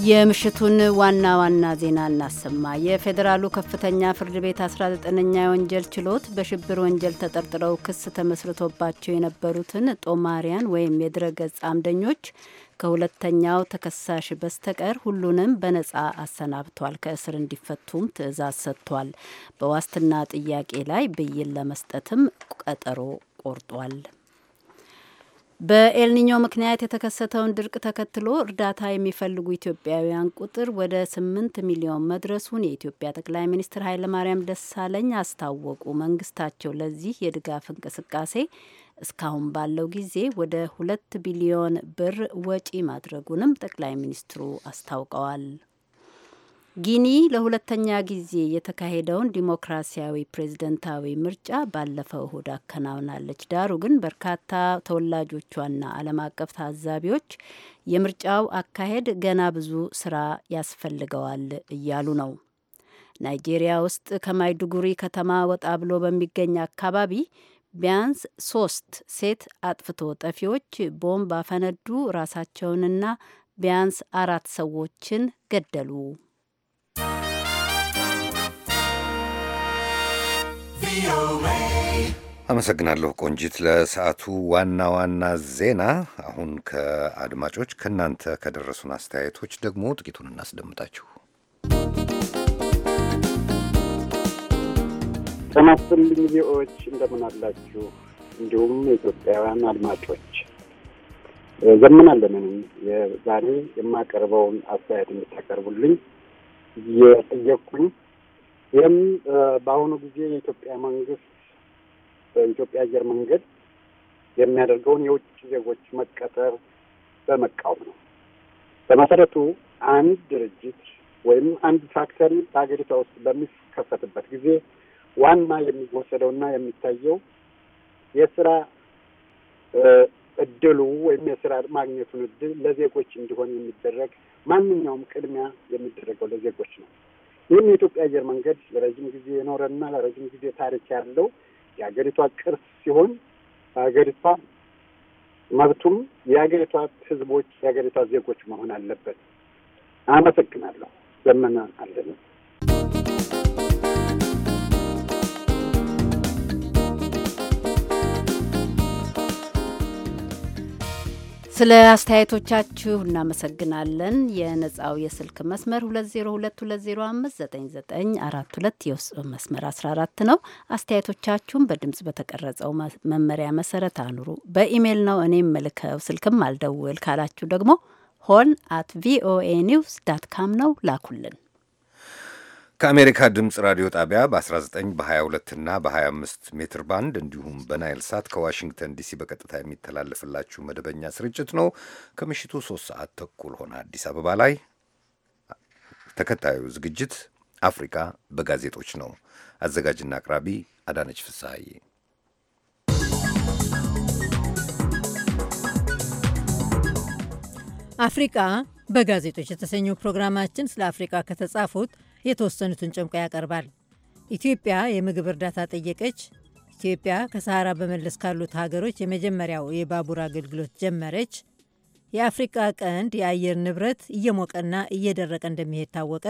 የምሽቱን ዋና ዋና ዜና እናሰማ። የፌዴራሉ ከፍተኛ ፍርድ ቤት 19ኛ የወንጀል ችሎት በሽብር ወንጀል ተጠርጥረው ክስ ተመስርቶባቸው የነበሩትን ጦማሪያን ወይም የድረገጽ አምደኞች ከሁለተኛው ተከሳሽ በስተቀር ሁሉንም በነጻ አሰናብቷል። ከእስር እንዲፈቱም ትዕዛዝ ሰጥቷል። በዋስትና ጥያቄ ላይ ብይን ለመስጠትም ቀጠሮ ቆርጧል። በኤልኒኞ ምክንያት የተከሰተውን ድርቅ ተከትሎ እርዳታ የሚፈልጉ ኢትዮጵያውያን ቁጥር ወደ ስምንት ሚሊዮን መድረሱን የኢትዮጵያ ጠቅላይ ሚኒስትር ኃይለማርያም ደሳለኝ አስታወቁ። መንግስታቸው ለዚህ የድጋፍ እንቅስቃሴ እስካሁን ባለው ጊዜ ወደ ሁለት ቢሊዮን ብር ወጪ ማድረጉንም ጠቅላይ ሚኒስትሩ አስታውቀዋል። ጊኒ ለሁለተኛ ጊዜ የተካሄደውን ዲሞክራሲያዊ ፕሬዝደንታዊ ምርጫ ባለፈው እሁድ አከናውናለች። ዳሩ ግን በርካታ ተወላጆቿና ዓለም አቀፍ ታዛቢዎች የምርጫው አካሄድ ገና ብዙ ስራ ያስፈልገዋል እያሉ ነው። ናይጄሪያ ውስጥ ከማይዱጉሪ ከተማ ወጣ ብሎ በሚገኝ አካባቢ ቢያንስ ሶስት ሴት አጥፍቶ ጠፊዎች ቦምብ አፈነዱ፣ ራሳቸውንና ቢያንስ አራት ሰዎችን ገደሉ። አመሰግናለሁ ቆንጂት። ለሰዓቱ ዋና ዋና ዜና አሁን ከአድማጮች ከእናንተ ከደረሱን አስተያየቶች ደግሞ ጥቂቱን እናስደምጣችሁ። ጤና ይስጥልኝ ቪኦኤዎች፣ እንደምናላችሁ እንዲሁም የኢትዮጵያውያን አድማጮች ዘምናለንም የዛሬ የማቀርበውን አስተያየት እንድታቀርቡልኝ የጠየቅኩኝ ይህም በአሁኑ ጊዜ የኢትዮጵያ መንግስት በኢትዮጵያ አየር መንገድ የሚያደርገውን የውጭ ዜጎች መቀጠር በመቃወም ነው። በመሰረቱ አንድ ድርጅት ወይም አንድ ፋክተሪ በሀገሪቷ ውስጥ በሚከፈትበት ጊዜ ዋና የሚወሰደው ና የሚታየው የስራ እድሉ ወይም የስራ ማግኘቱን እድል ለዜጎች እንዲሆን የሚደረግ ማንኛውም ቅድሚያ የሚደረገው ለዜጎች ነው። ይህም የኢትዮጵያ አየር መንገድ ለረጅም ጊዜ የኖረና ለረጅም ጊዜ ታሪክ ያለው የሀገሪቷ ቅርስ ሲሆን በሀገሪቷ መብቱም የሀገሪቷ ህዝቦች የሀገሪቷ ዜጎች መሆን አለበት። አመሰግናለሁ። ዘመነ አለነ ስለ አስተያየቶቻችሁ እናመሰግናለን። የነጻው የስልክ መስመር 2022059942 የውስጥ መስመር 14 ነው። አስተያየቶቻችሁን በድምጽ በተቀረጸው መመሪያ መሰረት አኑሩ። በኢሜይል ነው እኔም መልከው ስልክም አልደውል ካላችሁ ደግሞ ሆን አት ቪኦኤ ኒውስ ዳት ካም ነው ላኩልን። ከአሜሪካ ድምፅ ራዲዮ ጣቢያ በ19 በ22 እና በ25 ሜትር ባንድ እንዲሁም በናይል ሳት ከዋሽንግተን ዲሲ በቀጥታ የሚተላለፍላችሁ መደበኛ ስርጭት ነው። ከምሽቱ 3 ሰዓት ተኩል ሆነ አዲስ አበባ ላይ። ተከታዩ ዝግጅት አፍሪካ በጋዜጦች ነው። አዘጋጅና አቅራቢ አዳነች ፍስሐዬ አፍሪቃ በጋዜጦች የተሰኘው ፕሮግራማችን ስለ አፍሪቃ ከተጻፉት የተወሰኑትን ጨምቆ ያቀርባል። ኢትዮጵያ የምግብ እርዳታ ጠየቀች፣ ኢትዮጵያ ከሰሃራ በመለስ ካሉት ሀገሮች የመጀመሪያው የባቡር አገልግሎት ጀመረች፣ የአፍሪቃ ቀንድ የአየር ንብረት እየሞቀና እየደረቀ እንደሚሄድ ታወቀ፣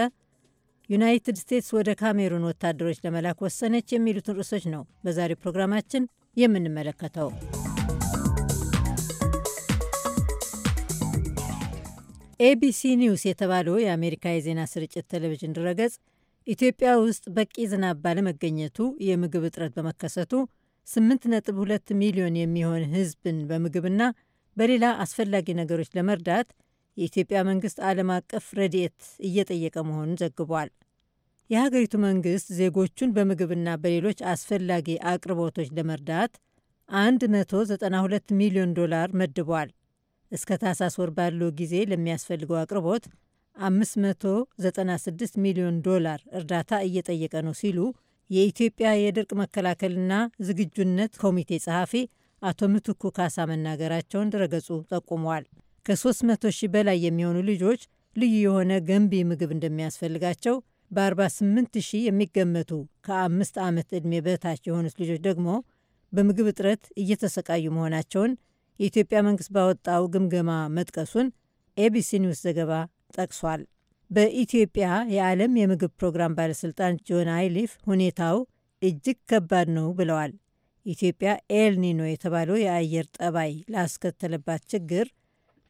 ዩናይትድ ስቴትስ ወደ ካሜሩን ወታደሮች ለመላክ ወሰነች የሚሉትን ርዕሶች ነው በዛሬው ፕሮግራማችን የምንመለከተው። ኤቢሲ ኒውስ የተባለው የአሜሪካ የዜና ስርጭት ቴሌቪዥን ድረገጽ ኢትዮጵያ ውስጥ በቂ ዝናብ ባለመገኘቱ የምግብ እጥረት በመከሰቱ 8.2 ሚሊዮን የሚሆን ሕዝብን በምግብና በሌላ አስፈላጊ ነገሮች ለመርዳት የኢትዮጵያ መንግስት ዓለም አቀፍ ረድኤት እየጠየቀ መሆኑን ዘግቧል። የሀገሪቱ መንግስት ዜጎቹን በምግብና በሌሎች አስፈላጊ አቅርቦቶች ለመርዳት 192 ሚሊዮን ዶላር መድቧል። እስከ ታህሳስ ወር ባለው ጊዜ ለሚያስፈልገው አቅርቦት 596 ሚሊዮን ዶላር እርዳታ እየጠየቀ ነው ሲሉ የኢትዮጵያ የድርቅ መከላከልና ዝግጁነት ኮሚቴ ጸሐፊ አቶ ምትኩ ካሳ መናገራቸውን ድረገጹ ጠቁመዋል። ከ300 ሺህ በላይ የሚሆኑ ልጆች ልዩ የሆነ ገንቢ ምግብ እንደሚያስፈልጋቸው፣ በ48 ሺህ የሚገመቱ ከአምስት ዓመት ዕድሜ በታች የሆኑት ልጆች ደግሞ በምግብ እጥረት እየተሰቃዩ መሆናቸውን የኢትዮጵያ መንግስት ባወጣው ግምገማ መጥቀሱን ኤቢሲ ኒውስ ዘገባ ጠቅሷል። በኢትዮጵያ የዓለም የምግብ ፕሮግራም ባለሥልጣን ጆን አይሊፍ ሁኔታው እጅግ ከባድ ነው ብለዋል። ኢትዮጵያ ኤልኒኖ የተባለው የአየር ጠባይ ላስከተለባት ችግር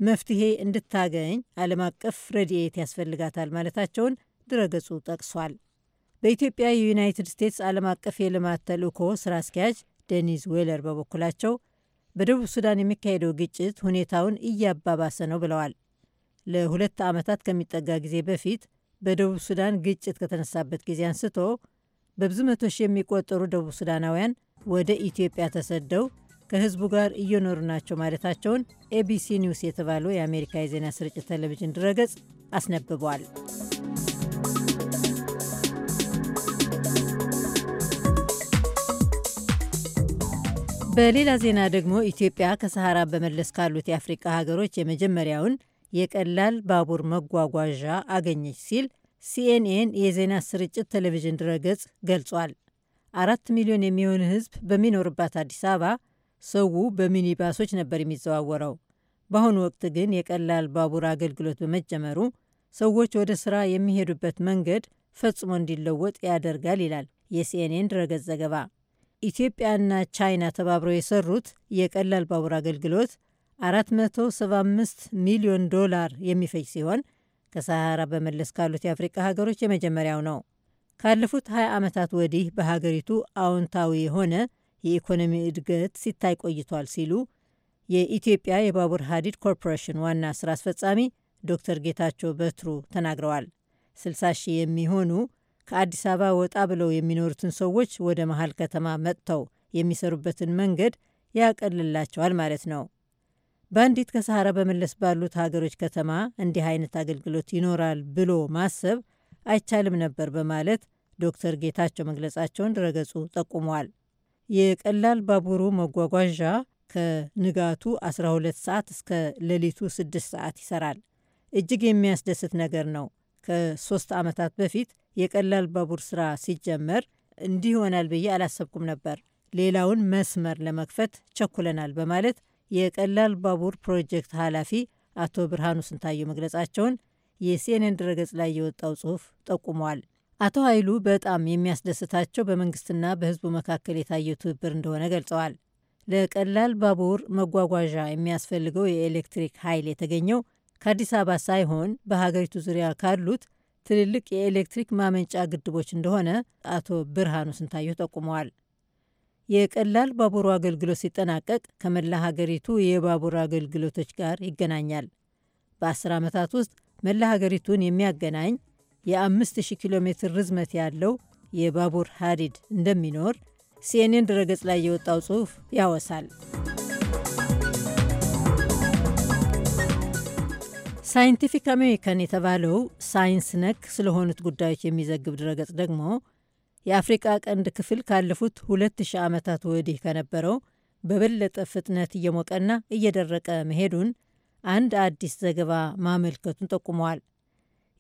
መፍትሄ እንድታገኝ ዓለም አቀፍ ረድኤት ያስፈልጋታል ማለታቸውን ድረገጹ ጠቅሷል። በኢትዮጵያ የዩናይትድ ስቴትስ ዓለም አቀፍ የልማት ተልእኮ ስራ አስኪያጅ ደኒዝ ዌለር በበኩላቸው በደቡብ ሱዳን የሚካሄደው ግጭት ሁኔታውን እያባባሰ ነው ብለዋል። ለሁለት ዓመታት ከሚጠጋ ጊዜ በፊት በደቡብ ሱዳን ግጭት ከተነሳበት ጊዜ አንስቶ በብዙ መቶ ሺህ የሚቆጠሩ ደቡብ ሱዳናውያን ወደ ኢትዮጵያ ተሰደው ከህዝቡ ጋር እየኖሩ ናቸው ማለታቸውን ኤቢሲ ኒውስ የተባለው የአሜሪካ የዜና ስርጭት ቴሌቪዥን ድረገጽ አስነብቧል። በሌላ ዜና ደግሞ ኢትዮጵያ ከሰሃራ በመለስ ካሉት የአፍሪቃ ሀገሮች የመጀመሪያውን የቀላል ባቡር መጓጓዣ አገኘች ሲል ሲኤንኤን የዜና ስርጭት ቴሌቪዥን ድረገጽ ገልጿል። አራት ሚሊዮን የሚሆን ሕዝብ በሚኖርባት አዲስ አበባ ሰው በሚኒባሶች ነበር የሚዘዋወረው። በአሁኑ ወቅት ግን የቀላል ባቡር አገልግሎት በመጀመሩ ሰዎች ወደ ስራ የሚሄዱበት መንገድ ፈጽሞ እንዲለወጥ ያደርጋል ይላል የሲኤንኤን ድረገጽ ዘገባ። ኢትዮጵያና ቻይና ተባብረው የሰሩት የቀላል ባቡር አገልግሎት 475 ሚሊዮን ዶላር የሚፈጅ ሲሆን ከሰሃራ በመለስ ካሉት የአፍሪቃ ሀገሮች የመጀመሪያው ነው። ካለፉት 20 ዓመታት ወዲህ በሀገሪቱ አዎንታዊ የሆነ የኢኮኖሚ እድገት ሲታይ ቆይቷል ሲሉ የኢትዮጵያ የባቡር ሀዲድ ኮርፖሬሽን ዋና ስራ አስፈጻሚ ዶክተር ጌታቸው በትሩ ተናግረዋል። 60 ሺህ የሚሆኑ ከአዲስ አበባ ወጣ ብለው የሚኖሩትን ሰዎች ወደ መሀል ከተማ መጥተው የሚሰሩበትን መንገድ ያቀልላቸዋል ማለት ነው። በአንዲት ከሰሐራ በመለስ ባሉት ሀገሮች ከተማ እንዲህ አይነት አገልግሎት ይኖራል ብሎ ማሰብ አይቻልም ነበር በማለት ዶክተር ጌታቸው መግለጻቸውን ድረገጹ ጠቁሟል። የቀላል ባቡሩ መጓጓዣ ከንጋቱ 12 ሰዓት እስከ ሌሊቱ 6 ሰዓት ይሰራል። እጅግ የሚያስደስት ነገር ነው። ከሶስት ዓመታት በፊት የቀላል ባቡር ስራ ሲጀመር እንዲህ ይሆናል ብዬ አላሰብኩም ነበር፣ ሌላውን መስመር ለመክፈት ቸኩለናል በማለት የቀላል ባቡር ፕሮጀክት ኃላፊ አቶ ብርሃኑ ስንታየው መግለጻቸውን የሲኤንኤን ድረገጽ ላይ የወጣው ጽሑፍ ጠቁሟል። አቶ ኃይሉ በጣም የሚያስደስታቸው በመንግስትና በህዝቡ መካከል የታየው ትብብር እንደሆነ ገልጸዋል። ለቀላል ባቡር መጓጓዣ የሚያስፈልገው የኤሌክትሪክ ኃይል የተገኘው ከአዲስ አበባ ሳይሆን በሀገሪቱ ዙሪያ ካሉት ትልልቅ የኤሌክትሪክ ማመንጫ ግድቦች እንደሆነ አቶ ብርሃኑ ስንታየሁ ጠቁመዋል። የቀላል ባቡሩ አገልግሎት ሲጠናቀቅ ከመላ ሀገሪቱ የባቡር አገልግሎቶች ጋር ይገናኛል። በ10 ዓመታት ውስጥ መላ ሀገሪቱን የሚያገናኝ የ5000 ኪሎ ሜትር ርዝመት ያለው የባቡር ሀዲድ እንደሚኖር ሲኤንኤን ድረገጽ ላይ የወጣው ጽሑፍ ያወሳል። ሳይንቲፊክ አሜሪካን የተባለው ሳይንስ ነክ ስለሆኑት ጉዳዮች የሚዘግብ ድረገጽ ደግሞ የአፍሪቃ ቀንድ ክፍል ካለፉት 2000 ዓመታት ወዲህ ከነበረው በበለጠ ፍጥነት እየሞቀና እየደረቀ መሄዱን አንድ አዲስ ዘገባ ማመልከቱን ጠቁመዋል።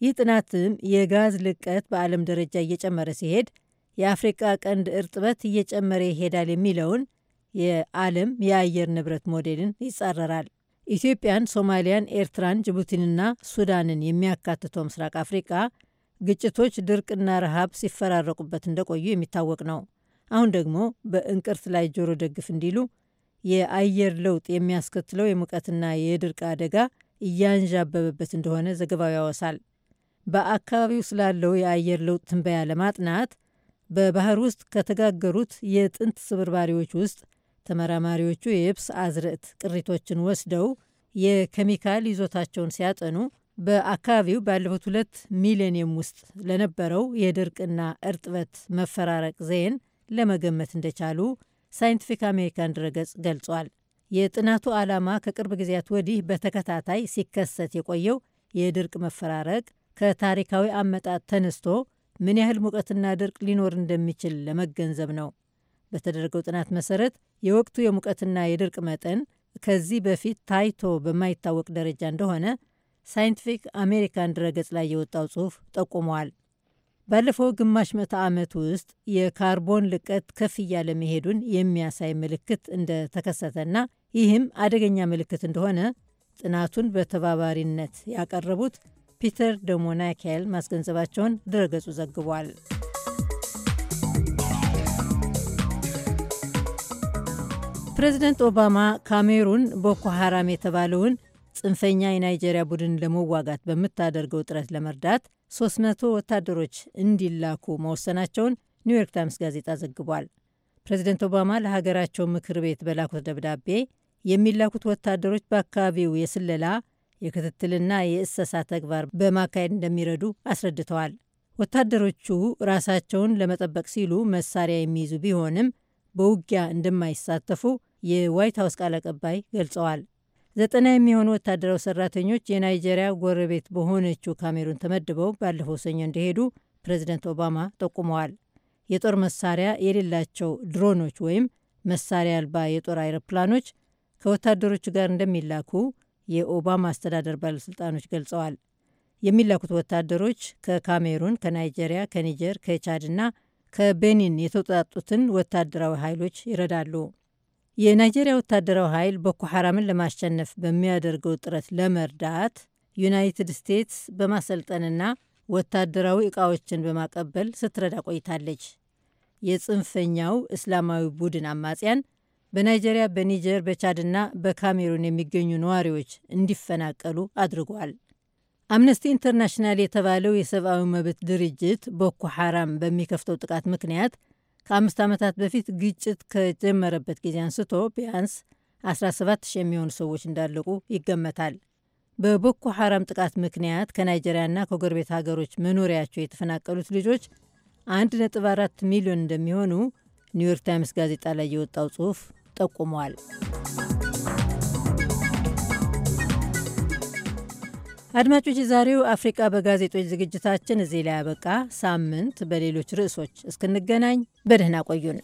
ይህ ጥናትም የጋዝ ልቀት በዓለም ደረጃ እየጨመረ ሲሄድ የአፍሪቃ ቀንድ እርጥበት እየጨመረ ይሄዳል የሚለውን የዓለም የአየር ንብረት ሞዴልን ይጻረራል። ኢትዮጵያን፣ ሶማሊያን፣ ኤርትራን፣ ጅቡቲንና ሱዳንን የሚያካትተው ምስራቅ አፍሪቃ ግጭቶች፣ ድርቅና ረሃብ ሲፈራረቁበት እንደቆዩ የሚታወቅ ነው። አሁን ደግሞ በእንቅርት ላይ ጆሮ ደግፍ እንዲሉ የአየር ለውጥ የሚያስከትለው የሙቀትና የድርቅ አደጋ እያንዣበበበት እንደሆነ ዘገባው ያወሳል። በአካባቢው ስላለው የአየር ለውጥ ትንበያ ለማጥናት በባህር ውስጥ ከተጋገሩት የጥንት ስብርባሪዎች ውስጥ ተመራማሪዎቹ የየብስ አዝርዕት ቅሪቶችን ወስደው የኬሚካል ይዞታቸውን ሲያጠኑ በአካባቢው ባለፉት ሁለት ሚሌኒየም ውስጥ ለነበረው የድርቅና እርጥበት መፈራረቅ ዘዬን ለመገመት እንደቻሉ ሳይንቲፊክ አሜሪካን ድረገጽ ገልጿል። የጥናቱ ዓላማ ከቅርብ ጊዜያት ወዲህ በተከታታይ ሲከሰት የቆየው የድርቅ መፈራረቅ ከታሪካዊ አመጣጥ ተነስቶ ምን ያህል ሙቀትና ድርቅ ሊኖር እንደሚችል ለመገንዘብ ነው። በተደረገው ጥናት መሰረት የወቅቱ የሙቀትና የድርቅ መጠን ከዚህ በፊት ታይቶ በማይታወቅ ደረጃ እንደሆነ ሳይንቲፊክ አሜሪካን ድረገጽ ላይ የወጣው ጽሑፍ ጠቁመዋል። ባለፈው ግማሽ ምዕተ ዓመት ውስጥ የካርቦን ልቀት ከፍ እያለ መሄዱን የሚያሳይ ምልክት እንደተከሰተና ይህም አደገኛ ምልክት እንደሆነ ጥናቱን በተባባሪነት ያቀረቡት ፒተር ደሞናኬል ማስገንዘባቸውን ድረገጹ ዘግቧል። ፕሬዚደንት ኦባማ ካሜሩን ቦኮ ሃራም የተባለውን ጽንፈኛ የናይጄሪያ ቡድን ለመዋጋት በምታደርገው ጥረት ለመርዳት 300 ወታደሮች እንዲላኩ መወሰናቸውን ኒውዮርክ ታይምስ ጋዜጣ ዘግቧል። ፕሬዚደንት ኦባማ ለሀገራቸው ምክር ቤት በላኩት ደብዳቤ የሚላኩት ወታደሮች በአካባቢው የስለላ የክትትልና የእሰሳ ተግባር በማካሄድ እንደሚረዱ አስረድተዋል። ወታደሮቹ ራሳቸውን ለመጠበቅ ሲሉ መሳሪያ የሚይዙ ቢሆንም በውጊያ እንደማይሳተፉ የዋይት ሀውስ ቃል አቀባይ ገልጸዋል። ዘጠና የሚሆኑ ወታደራዊ ሰራተኞች የናይጄሪያ ጎረቤት በሆነችው ካሜሩን ተመድበው ባለፈው ሰኞ እንደሄዱ ፕሬዚደንት ኦባማ ጠቁመዋል። የጦር መሳሪያ የሌላቸው ድሮኖች ወይም መሳሪያ አልባ የጦር አይሮፕላኖች ከወታደሮቹ ጋር እንደሚላኩ የኦባማ አስተዳደር ባለሥልጣኖች ገልጸዋል። የሚላኩት ወታደሮች ከካሜሩን፣ ከናይጄሪያ፣ ከኒጀር፣ ከቻድና ከቤኒን የተውጣጡትን ወታደራዊ ኃይሎች ይረዳሉ። የናይጄሪያ ወታደራዊ ኃይል ቦኮ ሐራምን ለማሸነፍ በሚያደርገው ጥረት ለመርዳት ዩናይትድ ስቴትስ በማሰልጠንና ወታደራዊ ዕቃዎችን በማቀበል ስትረዳ ቆይታለች። የጽንፈኛው እስላማዊ ቡድን አማጽያን በናይጄሪያ፣ በኒጀር፣ በቻድና በካሜሩን የሚገኙ ነዋሪዎች እንዲፈናቀሉ አድርጓል። አምነስቲ ኢንተርናሽናል የተባለው የሰብአዊ መብት ድርጅት ቦኮ ሐራም በሚከፍተው ጥቃት ምክንያት ከአምስት ዓመታት በፊት ግጭት ከጀመረበት ጊዜ አንስቶ ቢያንስ 17 ሺህ የሚሆኑ ሰዎች እንዳለቁ ይገመታል። በቦኮ ሐራም ጥቃት ምክንያት ከናይጀሪያና ከጎረቤት ሀገሮች መኖሪያቸው የተፈናቀሉት ልጆች 1.4 ሚሊዮን እንደሚሆኑ ኒውዮርክ ታይምስ ጋዜጣ ላይ የወጣው ጽሑፍ ጠቁሟል። አድማጮች፣ የዛሬው አፍሪቃ በጋዜጦች ዝግጅታችን እዚህ ላይ ያበቃ። ሳምንት በሌሎች ርዕሶች እስክንገናኝ በደህና ቆዩን።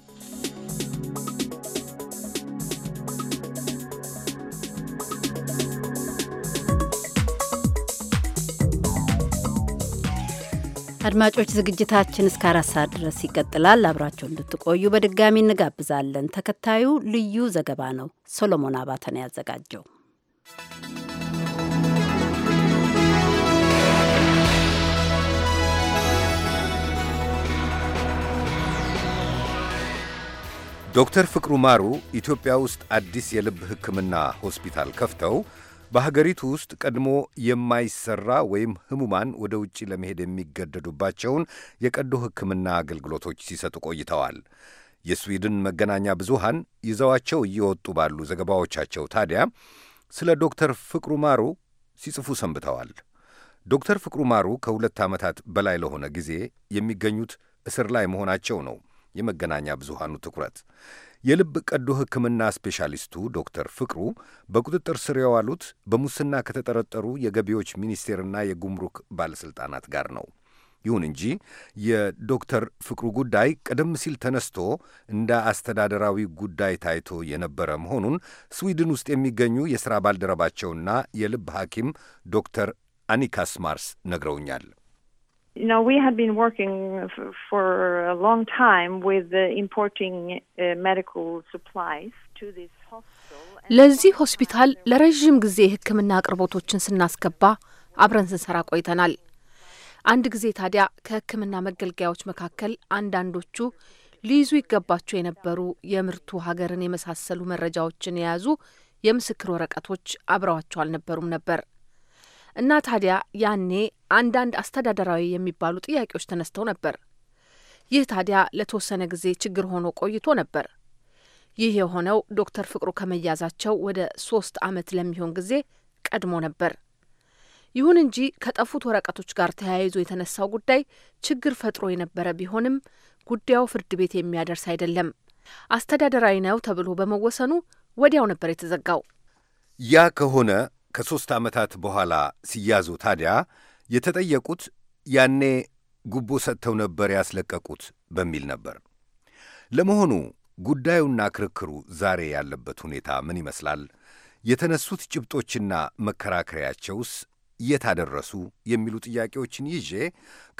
አድማጮች ዝግጅታችን እስከ አራት ሰዓት ድረስ ይቀጥላል። አብራቸው እንድትቆዩ በድጋሚ እንጋብዛለን። ተከታዩ ልዩ ዘገባ ነው። ሶሎሞን አባተ ነው ያዘጋጀው። ዶክተር ፍቅሩ ማሩ ኢትዮጵያ ውስጥ አዲስ የልብ ሕክምና ሆስፒታል ከፍተው በሀገሪቱ ውስጥ ቀድሞ የማይሰራ ወይም ህሙማን ወደ ውጭ ለመሄድ የሚገደዱባቸውን የቀዶ ሕክምና አገልግሎቶች ሲሰጡ ቆይተዋል። የስዊድን መገናኛ ብዙሃን ይዘዋቸው እየወጡ ባሉ ዘገባዎቻቸው ታዲያ ስለ ዶክተር ፍቅሩ ማሩ ሲጽፉ ሰንብተዋል። ዶክተር ፍቅሩ ማሩ ከሁለት ዓመታት በላይ ለሆነ ጊዜ የሚገኙት እስር ላይ መሆናቸው ነው። የመገናኛ ብዙሃኑ ትኩረት። የልብ ቀዶ ሕክምና ስፔሻሊስቱ ዶክተር ፍቅሩ በቁጥጥር ስር የዋሉት በሙስና ከተጠረጠሩ የገቢዎች ሚኒስቴርና የጉምሩክ ባለሥልጣናት ጋር ነው። ይሁን እንጂ የዶክተር ፍቅሩ ጉዳይ ቀደም ሲል ተነስቶ እንደ አስተዳደራዊ ጉዳይ ታይቶ የነበረ መሆኑን ስዊድን ውስጥ የሚገኙ የሥራ ባልደረባቸውና የልብ ሐኪም ዶክተር አኒካስ ማርስ ነግረውኛል። You know, we had been working for, for a long time with uh, importing uh, medical supplies to this hospital. ለዚህ ሆስፒታል ለረዥም ጊዜ የሕክምና አቅርቦቶችን ስናስገባ አብረን ስንሰራ ቆይተናል። አንድ ጊዜ ታዲያ ከሕክምና መገልገያዎች መካከል አንዳንዶቹ ሊይዙ ይገባቸው የነበሩ የምርቱ ሀገርን የመሳሰሉ መረጃዎችን የያዙ የምስክር ወረቀቶች አብረዋቸው አልነበሩም ነበር። እና ታዲያ ያኔ አንዳንድ አስተዳደራዊ የሚባሉ ጥያቄዎች ተነስተው ነበር። ይህ ታዲያ ለተወሰነ ጊዜ ችግር ሆኖ ቆይቶ ነበር። ይህ የሆነው ዶክተር ፍቅሩ ከመያዛቸው ወደ ሶስት ዓመት ለሚሆን ጊዜ ቀድሞ ነበር። ይሁን እንጂ ከጠፉት ወረቀቶች ጋር ተያይዞ የተነሳው ጉዳይ ችግር ፈጥሮ የነበረ ቢሆንም ጉዳዩ ፍርድ ቤት የሚያደርስ አይደለም። አስተዳደራዊ ነው ተብሎ በመወሰኑ ወዲያው ነበር የተዘጋው። ያ ከሆነ ከሦስት ዓመታት በኋላ ሲያዙ ታዲያ የተጠየቁት ያኔ ጉቦ ሰጥተው ነበር ያስለቀቁት በሚል ነበር። ለመሆኑ ጉዳዩና ክርክሩ ዛሬ ያለበት ሁኔታ ምን ይመስላል? የተነሱት ጭብጦችና መከራከሪያቸውስ የት አደረሱ? የሚሉ ጥያቄዎችን ይዤ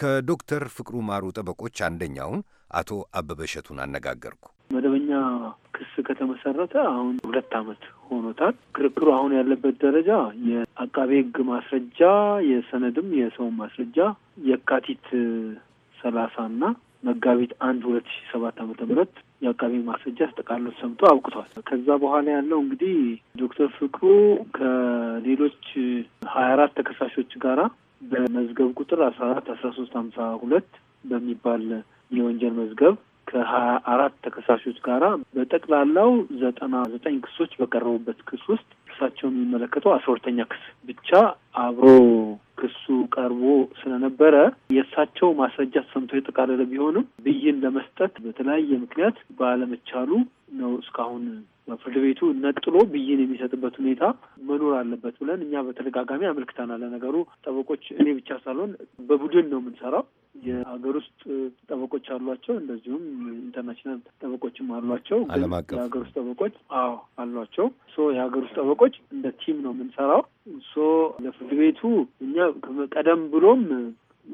ከዶክተር ፍቅሩ ማሩ ጠበቆች አንደኛውን አቶ አበበ እሸቱን አነጋገርኩ። ክስ ከተመሰረተ አሁን ሁለት ዓመት ሆኖታል። ክርክሩ አሁን ያለበት ደረጃ የአቃቤ ሕግ ማስረጃ የሰነድም የሰውን ማስረጃ የካቲት 30ና መጋቢት አንድ ሁለት ሺ ሰባት አመተ ምህረት የአቃቤ ማስረጃ ተጠቃሎ ሰምቶ አብቅቷል። ከዛ በኋላ ያለው እንግዲህ ዶክተር ፍቅሩ ከሌሎች ሀያ አራት ተከሳሾች ጋራ በመዝገብ ቁጥር አስራ አራት አስራ ሶስት ሀምሳ ሁለት በሚባል የወንጀል መዝገብ ከሀያ አራት ተከሳሾች ጋራ በጠቅላላው ዘጠና ዘጠኝ ክሶች በቀረቡበት ክስ ውስጥ ክሳቸውን የሚመለከተው አስራሁለተኛ ክስ ብቻ አብሮ ክሱ ቀርቦ ስለነበረ የእሳቸው ማስረጃ ተሰምቶ የጠቃለለ ቢሆንም ብይን ለመስጠት በተለያየ ምክንያት ባለመቻሉ ነው እስካሁን ፍርድ ቤቱ ነጥሎ ብይን የሚሰጥበት ሁኔታ መኖር አለበት ብለን እኛ በተደጋጋሚ አመልክተናል። ለነገሩ ጠበቆች እኔ ብቻ ሳልሆን በቡድን ነው የምንሰራው። የሀገር ውስጥ ጠበቆች አሏቸው፣ እንደዚሁም ኢንተርናሽናል ጠበቆችም አሏቸው። ዓለም አቀፍ የሀገር ውስጥ ጠበቆች አዎ አሏቸው። ሶ የሀገር ውስጥ ጠበቆች እንደ ቲም ነው የምንሰራው። ሶ ለፍርድ ቤቱ እኛ ቀደም ብሎም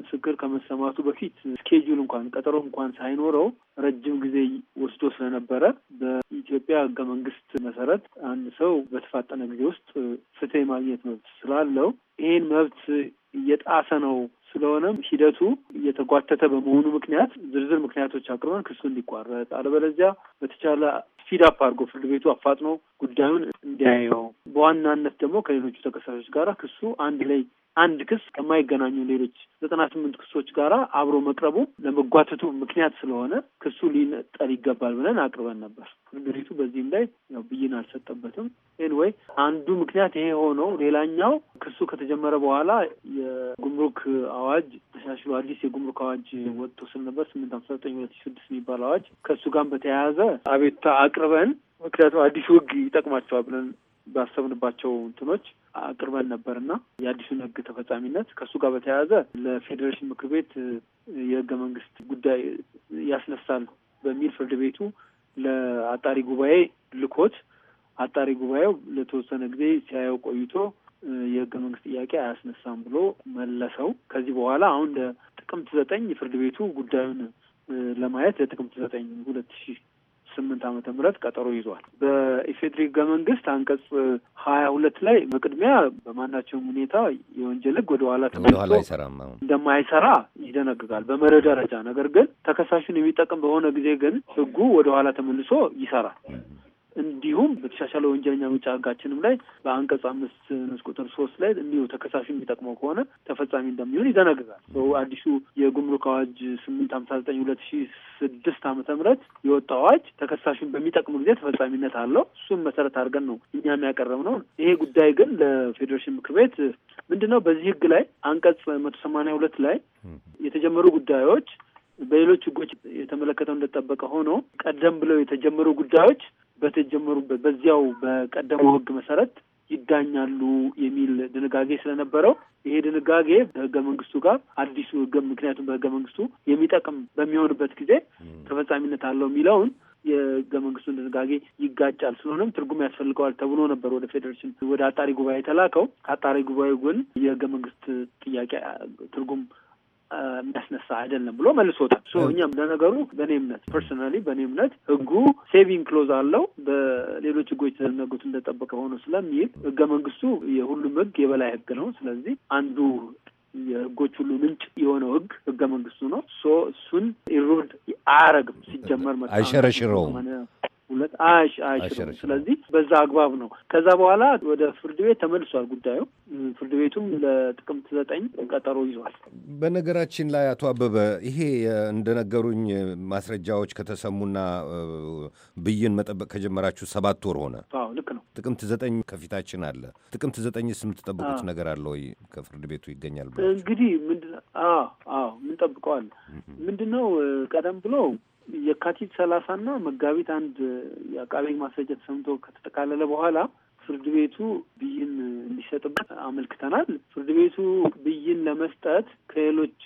ምስክር ከመሰማቱ በፊት ስኬጁል እንኳን ቀጠሮ እንኳን ሳይኖረው ረጅም ጊዜ ወስዶ ስለነበረ በኢትዮጵያ ሕገ መንግስት መሰረት አንድ ሰው በተፋጠነ ጊዜ ውስጥ ፍትህ ማግኘት መብት ስላለው ይሄን መብት እየጣሰ ነው ስለሆነም ሂደቱ እየተጓተተ በመሆኑ ምክንያት ዝርዝር ምክንያቶች አቅርበን ክሱ እንዲቋረጥ አለበለዚያ በተቻለ ስፒድ አፕ አድርጎ ፍርድ ቤቱ አፋጥኖ ጉዳዩን እንዲያየው በዋናነት ደግሞ ከሌሎቹ ተከሳሾች ጋር ክሱ አንድ ላይ አንድ ክስ ከማይገናኙ ሌሎች ዘጠና ስምንት ክሶች ጋር አብሮ መቅረቡ ለመጓተቱ ምክንያት ስለሆነ ክሱ ሊነጠል ይገባል ብለን አቅርበን ነበር። ፍርድ ቤቱ በዚህም ላይ ያው ብይን አልሰጠበትም። ኤንወይ አንዱ ምክንያት ይሄ ሆነው፣ ሌላኛው ክሱ ከተጀመረ በኋላ የጉምሩክ አዋጅ ተሻሽሎ አዲስ የጉምሩክ አዋጅ ወጥቶ ስለነበር ስምንት አምሳ ዘጠኝ ሁለት ስድስት የሚባል አዋጅ ከእሱ ጋር በተያያዘ አቤቱታ አቅርበን ምክንያቱም አዲሱ ህግ ይጠቅማቸዋል ብለን ባሰብንባቸው እንትኖች አቅርበን ነበር እና የአዲሱን ህግ ተፈጻሚነት ከእሱ ጋር በተያያዘ ለፌዴሬሽን ምክር ቤት የህገ መንግስት ጉዳይ ያስነሳል በሚል ፍርድ ቤቱ ለአጣሪ ጉባኤ ልኮት አጣሪ ጉባኤው ለተወሰነ ጊዜ ሲያየው ቆይቶ የህገ መንግስት ጥያቄ አያስነሳም ብሎ መለሰው። ከዚህ በኋላ አሁን ለጥቅምት ዘጠኝ ፍርድ ቤቱ ጉዳዩን ለማየት ለጥቅምት ዘጠኝ ሁለት ሺህ ስምንት ዓመተ ምህረት ቀጠሮ ይዟል። በኢፌድሪ ህገ መንግስት አንቀጽ ሀያ ሁለት ላይ በቅድሚያ በማናቸውም ሁኔታ የወንጀል ህግ ወደ ኋላ ተመልሶ እንደማይሰራ ይደነግጋል በመርህ ደረጃ። ነገር ግን ተከሳሹን የሚጠቅም በሆነ ጊዜ ግን ህጉ ወደ ኋላ ተመልሶ ይሰራል። እንዲሁም በተሻሻለ ወንጀለኛ መቅጫ ህጋችንም ላይ በአንቀጽ አምስት ንዑስ ቁጥር ሶስት ላይ እንዲሁ ተከሳሽ የሚጠቅመው ከሆነ ተፈጻሚ እንደሚሆን ይደነግጋል። አዲሱ የጉምሩክ አዋጅ ስምንት ሀምሳ ዘጠኝ ሁለት ሺ ስድስት ዓመተ ምህረት የወጣው አዋጅ ተከሳሹን በሚጠቅሙ ጊዜ ተፈጻሚነት አለው። እሱም መሰረት አድርገን ነው እኛም ያቀረብ ነው። ይሄ ጉዳይ ግን ለፌዴሬሽን ምክር ቤት ምንድን ነው በዚህ ህግ ላይ አንቀጽ መቶ ሰማኒያ ሁለት ላይ የተጀመሩ ጉዳዮች በሌሎች ህጎች የተመለከተው እንደጠበቀ ሆኖ ቀደም ብለው የተጀመሩ ጉዳዮች በተጀመሩበት በዚያው በቀደመው ህግ መሰረት ይዳኛሉ የሚል ድንጋጌ ስለነበረው ይሄ ድንጋጌ በህገ መንግስቱ ጋር አዲሱ ህገ ምክንያቱም በህገ መንግስቱ የሚጠቅም በሚሆንበት ጊዜ ተፈጻሚነት አለው የሚለውን የህገ መንግስቱን ድንጋጌ ይጋጫል። ስለሆነም ትርጉም ያስፈልገዋል ተብሎ ነበር ወደ ፌዴሬሽን ወደ አጣሪ ጉባኤ የተላከው። ከአጣሪ ጉባኤ ጎን የህገ መንግስት ጥያቄ ትርጉም የሚያስነሳ አይደለም ብሎ መልሶታል። እኛም ለነገሩ በእኔ እምነት ፐርሶናሊ በእኔ እምነት ህጉ ሴቪንግ ክሎዝ አለው በሌሎች ህጎች ተደነጉት እንደጠበቀ ሆኖ ስለሚል ህገ መንግስቱ የሁሉም ህግ የበላይ ህግ ነው። ስለዚህ አንዱ የህጎች ሁሉ ምንጭ የሆነው ህግ ህገ መንግስቱ ነው። እሱን ኢሩድ አያረግም ሲጀመር አይሸረሽረውም ሁለት አያሽ አይችልም። ስለዚህ በዛ አግባብ ነው። ከዛ በኋላ ወደ ፍርድ ቤት ተመልሷል ጉዳዩ። ፍርድ ቤቱም ለጥቅምት ዘጠኝ ቀጠሮ ይዟል። በነገራችን ላይ አቶ አበበ ይሄ እንደነገሩኝ ማስረጃዎች ከተሰሙና ብይን መጠበቅ ከጀመራችሁ ሰባት ወር ሆነ። ልክ ነው። ጥቅምት ዘጠኝ ከፊታችን አለ። ጥቅምት ዘጠኝስ የምትጠብቁት ነገር አለ ወይ? ከፍርድ ቤቱ ይገኛል እንግዲህ ምንድን ምንጠብቀዋል ምንድን ነው ቀደም ብሎ የካቲት ሰላሳና መጋቢት አንድ የአቃቤ ማስረጃ ተሰምቶ ከተጠቃለለ በኋላ ፍርድ ቤቱ ብይን እንዲሰጥበት አመልክተናል። ፍርድ ቤቱ ብይን ለመስጠት ከሌሎች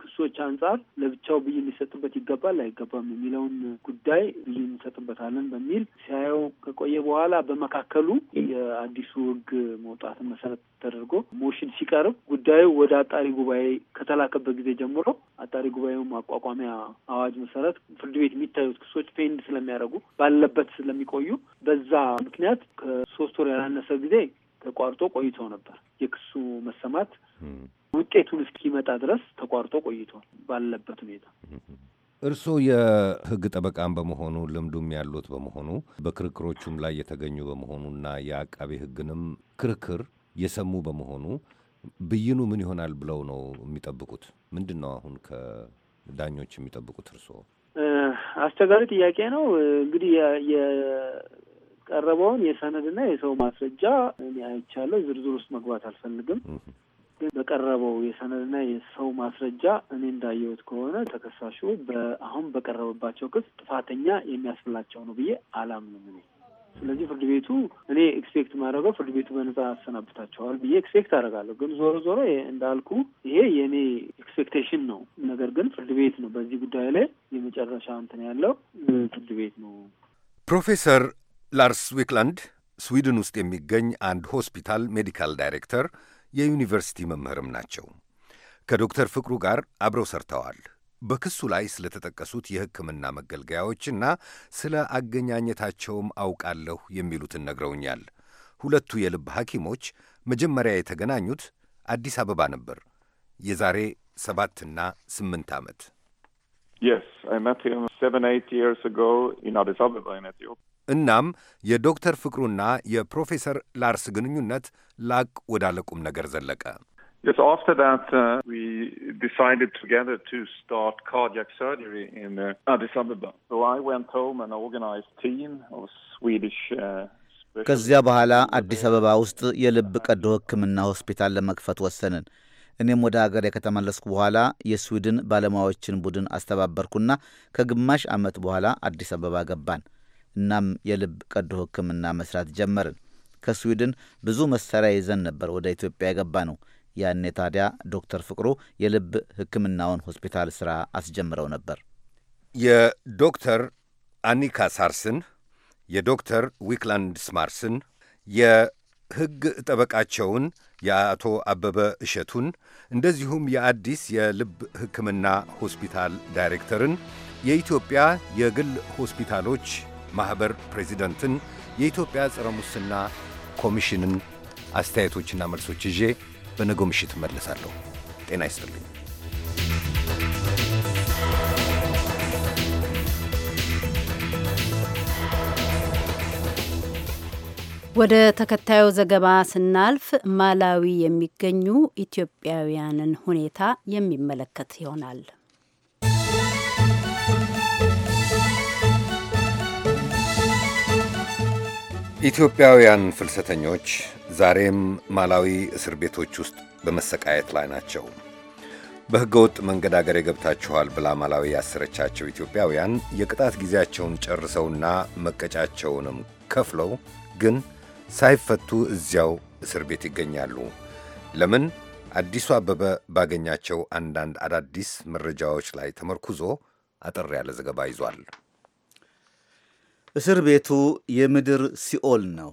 ክሶች አንጻር ለብቻው ብይን ሊሰጥበት ይገባል አይገባም የሚለውን ጉዳይ ብይን እንሰጥበታለን በሚል ሲያየው ከቆየ በኋላ በመካከሉ የአዲሱ ሕግ መውጣት መሰረት ተደርጎ ሞሽን ሲቀርብ ጉዳዩ ወደ አጣሪ ጉባኤ ከተላከበት ጊዜ ጀምሮ አጣሪ ጉባኤው ማቋቋሚያ አዋጅ መሰረት ፍርድ ቤት የሚታዩት ክሶች ፔንድ ስለሚያደርጉ ባለበት ስለሚቆዩ በዛ ምክንያት ከሶስት ከወር ያላነሰ ጊዜ ተቋርጦ ቆይቶ ነበር። የክሱ መሰማት ውጤቱን እስኪመጣ ድረስ ተቋርጦ ቆይቷል ባለበት ሁኔታ። እርስዎ የሕግ ጠበቃም በመሆኑ ልምዱም ያሉት በመሆኑ በክርክሮቹም ላይ የተገኙ በመሆኑና የአቃቤ ሕግንም ክርክር የሰሙ በመሆኑ ብይኑ ምን ይሆናል ብለው ነው የሚጠብቁት? ምንድን ነው አሁን ከዳኞች የሚጠብቁት እርስዎ? አስቸጋሪ ጥያቄ ነው። እንግዲህ ቀረበውን የሰነድና የሰው ማስረጃ እኔ አይቻለሁ። ዝርዝር ውስጥ መግባት አልፈልግም። ግን በቀረበው የሰነድና የሰው ማስረጃ እኔ እንዳየሁት ከሆነ ተከሳሹ አሁን በቀረበባቸው ክስ ጥፋተኛ የሚያስፈላቸው ነው ብዬ አላምንም እኔ። ስለዚህ ፍርድ ቤቱ እኔ ኤክስፔክት ማድረገው ፍርድ ቤቱ በነጻ ያሰናብታቸዋል ብዬ ኤክስፔክት አደርጋለሁ። ግን ዞሮ ዞሮ እንዳልኩ ይሄ የእኔ ኤክስፔክቴሽን ነው። ነገር ግን ፍርድ ቤት ነው በዚህ ጉዳይ ላይ የመጨረሻ እንትን ያለው ፍርድ ቤት ነው። ፕሮፌሰር ላርስ ዊክላንድ ስዊድን ውስጥ የሚገኝ አንድ ሆስፒታል ሜዲካል ዳይሬክተር የዩኒቨርሲቲ መምህርም ናቸው። ከዶክተር ፍቅሩ ጋር አብረው ሰርተዋል። በክሱ ላይ ስለተጠቀሱት የሕክምና መገልገያዎችና ስለ አገኛኘታቸውም አውቃለሁ የሚሉትን ነግረውኛል። ሁለቱ የልብ ሐኪሞች መጀመሪያ የተገናኙት አዲስ አበባ ነበር የዛሬ ሰባትና ስምንት ዓመት። እናም የዶክተር ፍቅሩና የፕሮፌሰር ላርስ ግንኙነት ላቅ ወዳለ ቁም ነገር ዘለቀ። uh, uh, uh, ከዚያ በኋላ አዲስ አበባ ውስጥ የልብ ቀዶ ሕክምና ሆስፒታል ለመክፈት ወሰንን። እኔም ወደ ሀገሬ ከተመለስኩ በኋላ የስዊድን ባለሙያዎችን ቡድን አስተባበርኩና ከግማሽ ዓመት በኋላ አዲስ አበባ ገባን። እናም የልብ ቀዶ ሕክምና መስራት ጀመርን። ከስዊድን ብዙ መሳሪያ ይዘን ነበር ወደ ኢትዮጵያ የገባ ነው። ያኔ ታዲያ ዶክተር ፍቅሩ የልብ ሕክምናውን ሆስፒታል ሥራ አስጀምረው ነበር። የዶክተር አኒካ ሳርስን፣ የዶክተር ዊክላንድ ስማርስን፣ የሕግ ጠበቃቸውን የአቶ አበበ እሸቱን እንደዚሁም የአዲስ የልብ ሕክምና ሆስፒታል ዳይሬክተርን የኢትዮጵያ የግል ሆስፒታሎች ማኅበር ፕሬዚደንትን፣ የኢትዮጵያ ጸረ ሙስና ኮሚሽንን አስተያየቶችና መልሶች ይዤ በነገው ምሽት እመለሳለሁ። ጤና ይስጥልኝ። ወደ ተከታዩ ዘገባ ስናልፍ ማላዊ የሚገኙ ኢትዮጵያውያንን ሁኔታ የሚመለከት ይሆናል። ኢትዮጵያውያን ፍልሰተኞች ዛሬም ማላዊ እስር ቤቶች ውስጥ በመሰቃየት ላይ ናቸው። በሕገ ወጥ መንገድ አገሬ ገብታችኋል ብላ ማላዊ ያሰረቻቸው ኢትዮጵያውያን የቅጣት ጊዜያቸውን ጨርሰውና መቀጫቸውንም ከፍለው ግን ሳይፈቱ እዚያው እስር ቤት ይገኛሉ። ለምን? አዲሱ አበበ ባገኛቸው አንዳንድ አዳዲስ መረጃዎች ላይ ተመርኩዞ አጠር ያለ ዘገባ ይዟል። እስር ቤቱ የምድር ሲኦል ነው።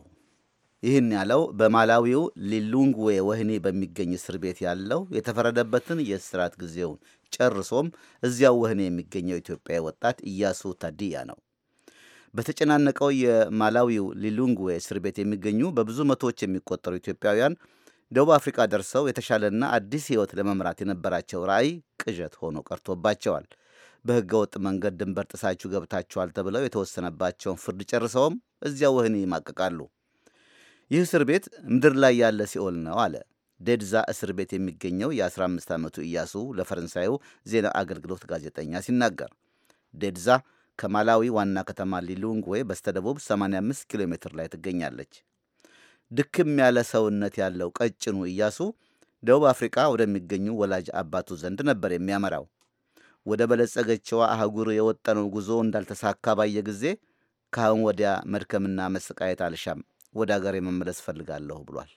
ይህን ያለው በማላዊው ሊሉንግዌ ወህኒ በሚገኝ እስር ቤት ያለው የተፈረደበትን የእስራት ጊዜውን ጨርሶም እዚያው ወህኒ የሚገኘው ኢትዮጵያዊ ወጣት እያሱ ታዲያ ነው። በተጨናነቀው የማላዊው ሊሉንግዌ እስር ቤት የሚገኙ በብዙ መቶዎች የሚቆጠሩ ኢትዮጵያውያን ደቡብ አፍሪካ ደርሰው የተሻለና አዲስ ሕይወት ለመምራት የነበራቸው ራዕይ ቅዠት ሆኖ ቀርቶባቸዋል። በህገወጥ መንገድ ድንበር ጥሳችሁ ገብታችኋል ተብለው የተወሰነባቸውን ፍርድ ጨርሰውም እዚያው ወህኒ ይማቀቃሉ። ይህ እስር ቤት ምድር ላይ ያለ ሲኦል ነው አለ። ዴድዛ እስር ቤት የሚገኘው የ15 ዓመቱ እያሱ ለፈረንሳዩ ዜና አገልግሎት ጋዜጠኛ ሲናገር ዴድዛ ከማላዊ ዋና ከተማ ሊሉንግዌ በስተደቡብ 85 ኪሎ ሜትር ላይ ትገኛለች። ድክም ያለ ሰውነት ያለው ቀጭኑ እያሱ ደቡብ አፍሪካ ወደሚገኙ ወላጅ አባቱ ዘንድ ነበር የሚያመራው። ወደ በለጸገችዋ አህጉር የወጠነው ጉዞ እንዳልተሳካ ባየ ጊዜ ካሁን ወዲያ መድከምና መሰቃየት አልሻም፣ ወደ አገር መመለስ ፈልጋለሁ ብሏል።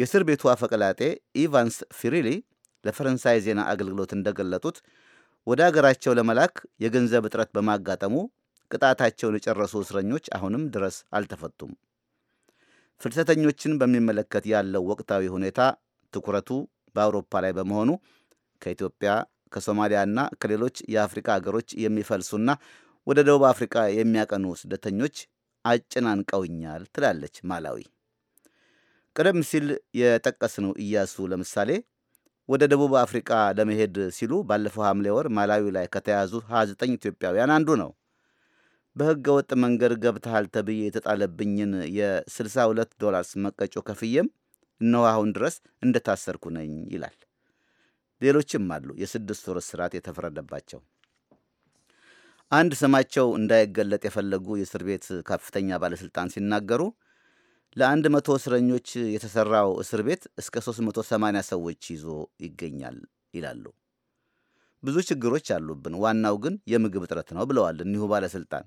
የእስር ቤቱ አፈቀላጤ ኢቫንስ ፊሪሊ ለፈረንሳይ ዜና አገልግሎት እንደገለጡት ወደ አገራቸው ለመላክ የገንዘብ እጥረት በማጋጠሙ ቅጣታቸውን የጨረሱ እስረኞች አሁንም ድረስ አልተፈቱም። ፍልሰተኞችን በሚመለከት ያለው ወቅታዊ ሁኔታ ትኩረቱ በአውሮፓ ላይ በመሆኑ ከኢትዮጵያ ከሶማሊያና ከሌሎች የአፍሪካ ሀገሮች የሚፈልሱና ወደ ደቡብ አፍሪካ የሚያቀኑ ስደተኞች አጨናንቀውኛል ትላለች ማላዊ። ቀደም ሲል የጠቀስነው እያሱ ለምሳሌ ወደ ደቡብ አፍሪካ ለመሄድ ሲሉ ባለፈው ሐምሌ ወር ማላዊ ላይ ከተያዙ 29 ኢትዮጵያውያን አንዱ ነው። በሕገ ወጥ መንገድ ገብተሃል ተብዬ የተጣለብኝን የ62 ዶላርስ መቀጮ ከፍዬም እነሆ አሁን ድረስ እንደታሰርኩ ነኝ ይላል። ሌሎችም አሉ የስድስት ወር እስራት የተፈረደባቸው። አንድ ስማቸው እንዳይገለጥ የፈለጉ የእስር ቤት ከፍተኛ ባለሥልጣን ሲናገሩ ለአንድ መቶ እስረኞች የተሠራው እስር ቤት እስከ 380 ሰዎች ይዞ ይገኛል ይላሉ። ብዙ ችግሮች አሉብን፣ ዋናው ግን የምግብ እጥረት ነው ብለዋል እኒሁ ባለሥልጣን።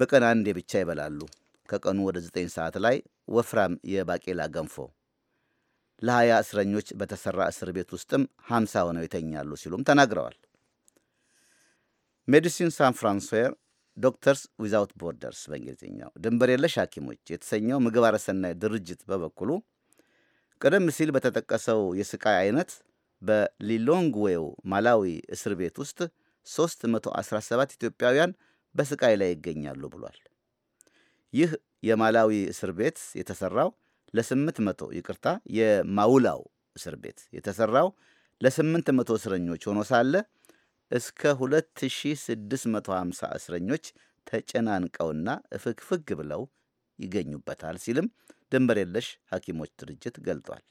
በቀን አንዴ ብቻ ይበላሉ። ከቀኑ ወደ 9 ሰዓት ላይ ወፍራም የባቄላ ገንፎ ለሀያ እስረኞች በተሰራ እስር ቤት ውስጥም ሀምሳ ሆነው ይተኛሉ ሲሉም ተናግረዋል። ሜዲሲን ሳን ፍራንስዌር ዶክተርስ ዊዛውት ቦርደርስ በእንግሊዝኛው ድንበር የለሽ ሐኪሞች የተሰኘው ምግባረ ሰናይ ድርጅት በበኩሉ ቀደም ሲል በተጠቀሰው የስቃይ አይነት በሊሎንግዌው ማላዊ እስር ቤት ውስጥ 317 ኢትዮጵያውያን በስቃይ ላይ ይገኛሉ ብሏል። ይህ የማላዊ እስር ቤት የተሠራው ለስምንት መቶ ይቅርታ የማውላው እስር ቤት የተሰራው ለስምንት መቶ እስረኞች ሆኖ ሳለ እስከ 2650 እስረኞች ተጨናንቀውና እፍግፍግ ብለው ይገኙበታል ሲልም ድንበር የለሽ ሐኪሞች ድርጅት ገልጧል።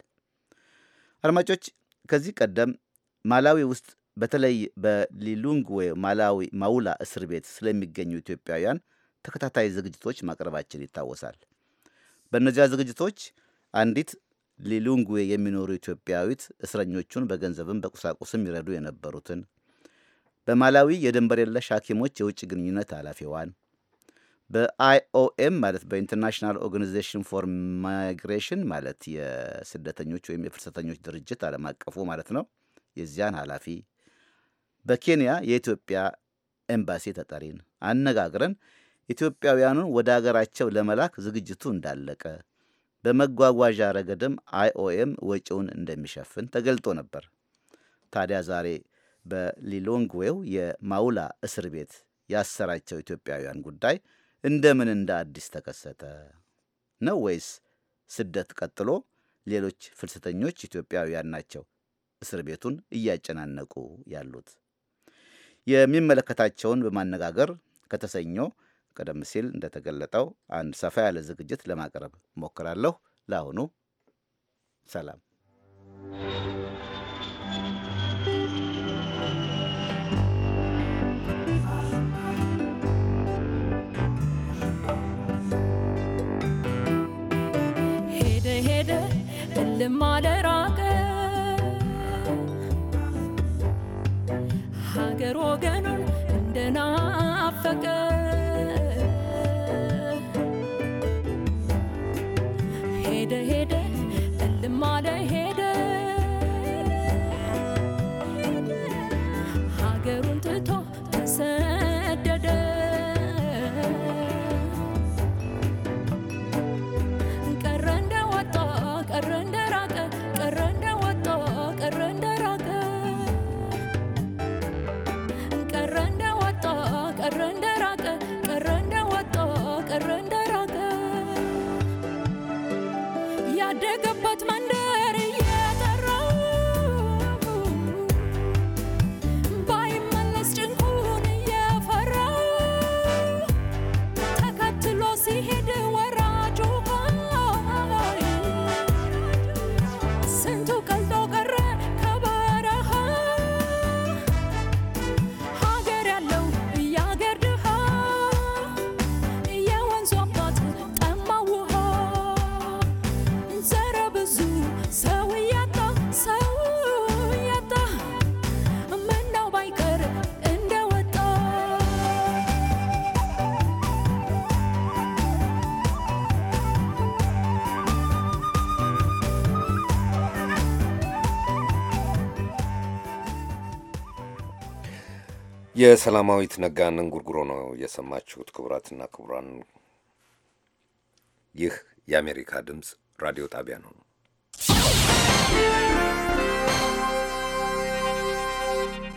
አድማጮች ከዚህ ቀደም ማላዊ ውስጥ በተለይ በሊሉንግዌ ማላዊ ማውላ እስር ቤት ስለሚገኙ ኢትዮጵያውያን ተከታታይ ዝግጅቶች ማቅረባችን ይታወሳል። በእነዚያ ዝግጅቶች አንዲት ሊሉንጉ የሚኖሩ ኢትዮጵያዊት እስረኞቹን በገንዘብም በቁሳቁስም ይረዱ የነበሩትን፣ በማላዊ የድንበር የለሽ ሐኪሞች የውጭ ግንኙነት ኃላፊዋን፣ በአይኦኤም ማለት በኢንተርናሽናል ኦርጋኒዜሽን ፎር ማይግሬሽን ማለት የስደተኞች ወይም የፍልሰተኞች ድርጅት ዓለም አቀፉ ማለት ነው፣ የዚያን ኃላፊ፣ በኬንያ የኢትዮጵያ ኤምባሲ ተጠሪን አነጋግረን ኢትዮጵያውያኑን ወደ አገራቸው ለመላክ ዝግጅቱ እንዳለቀ፣ በመጓጓዣ ረገድም አይኦኤም ወጪውን እንደሚሸፍን ተገልጦ ነበር። ታዲያ ዛሬ በሊሎንግዌው የማውላ እስር ቤት ያሰራቸው ኢትዮጵያውያን ጉዳይ እንደምን እንደ አዲስ ተከሰተ ነው ወይስ ስደት ቀጥሎ ሌሎች ፍልሰተኞች ኢትዮጵያውያን ናቸው እስር ቤቱን እያጨናነቁ ያሉት? የሚመለከታቸውን በማነጋገር ከተሰኞ ቀደም ሲል እንደተገለጠው አንድ ሰፋ ያለ ዝግጅት ለማቅረብ ሞክራለሁ። ለአሁኑ ሰላም። ሄደ ሄደ እልም አለ ራቀ ሀገር ወገኑን እንደናፈቀ የሰላማዊት ነጋን እንጉርጉሮ ነው የሰማችሁት። ክቡራትና ክቡራን፣ ይህ የአሜሪካ ድምፅ ራዲዮ ጣቢያ ነው።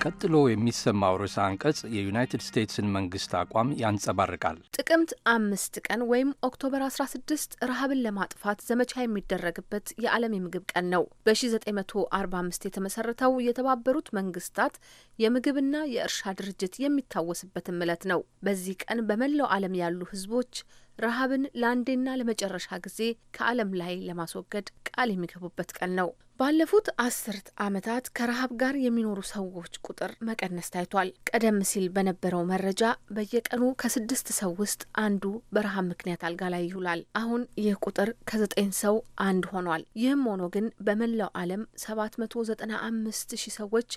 ቀጥሎ የሚሰማው ርዕሰ አንቀጽ የዩናይትድ ስቴትስን መንግስት አቋም ያንጸባርቃል። ጥቅምት አምስት ቀን ወይም ኦክቶበር 16 ረሃብን ለማጥፋት ዘመቻ የሚደረግበት የዓለም የምግብ ቀን ነው። በ1945 የተመሰረተው የተባበሩት መንግስታት የምግብና የእርሻ ድርጅት የሚታወስበትም ዕለት ነው። በዚህ ቀን በመላው ዓለም ያሉ ህዝቦች ረሃብን ለአንዴና ለመጨረሻ ጊዜ ከዓለም ላይ ለማስወገድ ቃል የሚገቡበት ቀን ነው። ባለፉት አስርት ዓመታት ከረሃብ ጋር የሚኖሩ ሰዎች ቁጥር መቀነስ ታይቷል። ቀደም ሲል በነበረው መረጃ በየቀኑ ከስድስት ሰው ውስጥ አንዱ በረሃብ ምክንያት አልጋ ላይ ይውላል። አሁን ይህ ቁጥር ከዘጠኝ ሰው አንድ ሆኗል። ይህም ሆኖ ግን በመላው ዓለም አምስት ሺህ ሰዎች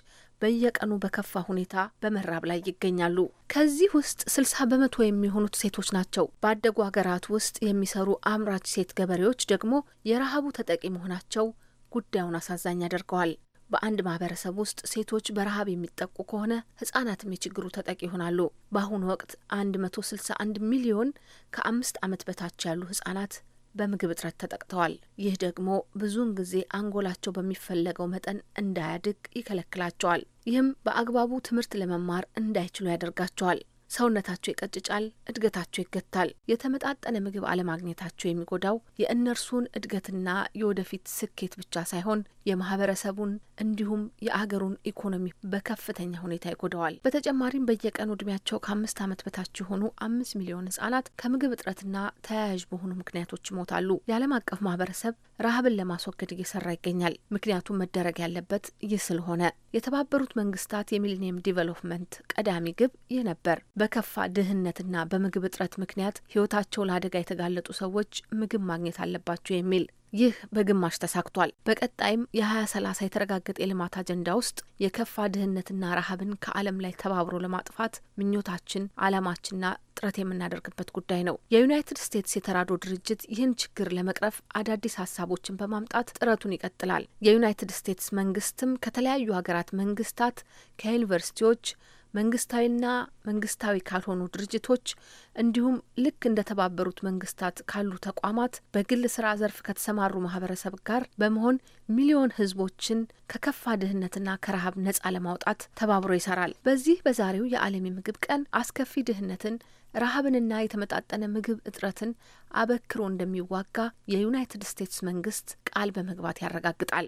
በየቀኑ በከፋ ሁኔታ በመራብ ላይ ይገኛሉ። ከዚህ ውስጥ 60 በመቶ የሚሆኑት ሴቶች ናቸው። ባደጉ ሀገራት ውስጥ የሚሰሩ አምራች ሴት ገበሬዎች ደግሞ የረሃቡ ተጠቂ መሆናቸው ጉዳዩን አሳዛኝ ያደርገዋል። በአንድ ማህበረሰብ ውስጥ ሴቶች በረሃብ የሚጠቁ ከሆነ ህጻናትም የችግሩ ተጠቂ ይሆናሉ። በአሁኑ ወቅት 161 ሚሊዮን ከአምስት ዓመት በታች ያሉ ህጻናት በምግብ እጥረት ተጠቅተዋል። ይህ ደግሞ ብዙውን ጊዜ አንጎላቸው በሚፈለገው መጠን እንዳያድግ ይከለክላቸዋል። ይህም በአግባቡ ትምህርት ለመማር እንዳይችሉ ያደርጋቸዋል። ሰውነታቸው ይቀጭጫል፣ እድገታቸው ይገታል። የተመጣጠነ ምግብ አለማግኘታቸው የሚጎዳው የእነርሱን እድገትና የወደፊት ስኬት ብቻ ሳይሆን የማህበረሰቡን እንዲሁም የአገሩን ኢኮኖሚ በከፍተኛ ሁኔታ ይጎዳዋል። በተጨማሪም በየቀኑ እድሜያቸው ከአምስት ዓመት በታች የሆኑ አምስት ሚሊዮን ህጻናት ከምግብ እጥረትና ተያያዥ በሆኑ ምክንያቶች ይሞታሉ። የዓለም አቀፍ ማህበረሰብ ረሃብን ለማስወገድ እየሰራ ይገኛል። ምክንያቱም መደረግ ያለበት ይህ ስለሆነ የተባበሩት መንግስታት የሚሊኒየም ዲቨሎፕመንት ቀዳሚ ግብ ይህ ነበር። በከፋ ድህነትና በምግብ እጥረት ምክንያት ህይወታቸው ለአደጋ የተጋለጡ ሰዎች ምግብ ማግኘት አለባቸው የሚል ይህ በግማሽ ተሳክቷል። በቀጣይም የ2030 የተረጋገጠ የልማት አጀንዳ ውስጥ የከፋ ድህነትና ረሃብን ከዓለም ላይ ተባብሮ ለማጥፋት ምኞታችን፣ አላማችንና ጥረት የምናደርግበት ጉዳይ ነው። የዩናይትድ ስቴትስ የተራድኦ ድርጅት ይህን ችግር ለመቅረፍ አዳዲስ ሀሳቦችን በማምጣት ጥረቱን ይቀጥላል። የዩናይትድ ስቴትስ መንግስትም ከተለያዩ ሀገራት መንግስታት ከዩኒቨርሲቲዎች መንግስታዊና መንግስታዊ ካልሆኑ ድርጅቶች እንዲሁም ልክ እንደ ተባበሩት መንግስታት ካሉ ተቋማት በግል ስራ ዘርፍ ከተሰማሩ ማህበረሰብ ጋር በመሆን ሚሊዮን ህዝቦችን ከከፋ ድህነትና ከረሃብ ነጻ ለማውጣት ተባብሮ ይሰራል። በዚህ በዛሬው የዓለም የምግብ ቀን አስከፊ ድህነትን ረሃብንና የተመጣጠነ ምግብ እጥረትን አበክሮ እንደሚዋጋ የዩናይትድ ስቴትስ መንግስት ቃል በመግባት ያረጋግጣል።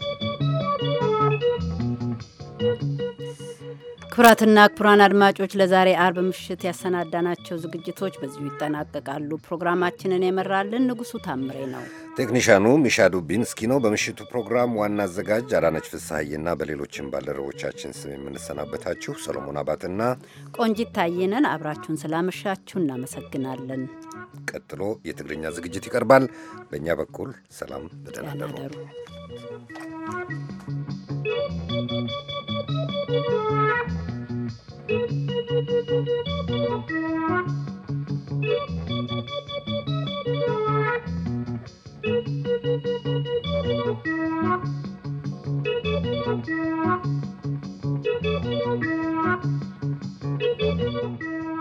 ክቡራትና ክቡራን አድማጮች ለዛሬ አርብ ምሽት ያሰናዳናቸው ዝግጅቶች በዚሁ ይጠናቀቃሉ። ፕሮግራማችንን የመራልን ንጉሱ ታምሬ ነው። ቴክኒሻኑ ሚሻ ዱቢንስኪ ነው። በምሽቱ ፕሮግራም ዋና አዘጋጅ አዳነች ፍስሐዬና በሌሎችም ባልደረቦቻችን ስም የምንሰናበታችሁ ሰሎሞን አባትና ቆንጂት ታየነን አብራችሁን ስላመሻችሁ እናመሰግናለን። ቀጥሎ የትግርኛ ዝግጅት ይቀርባል። በእኛ በኩል ሰላም፣ በደህና እደሩ። Thank you.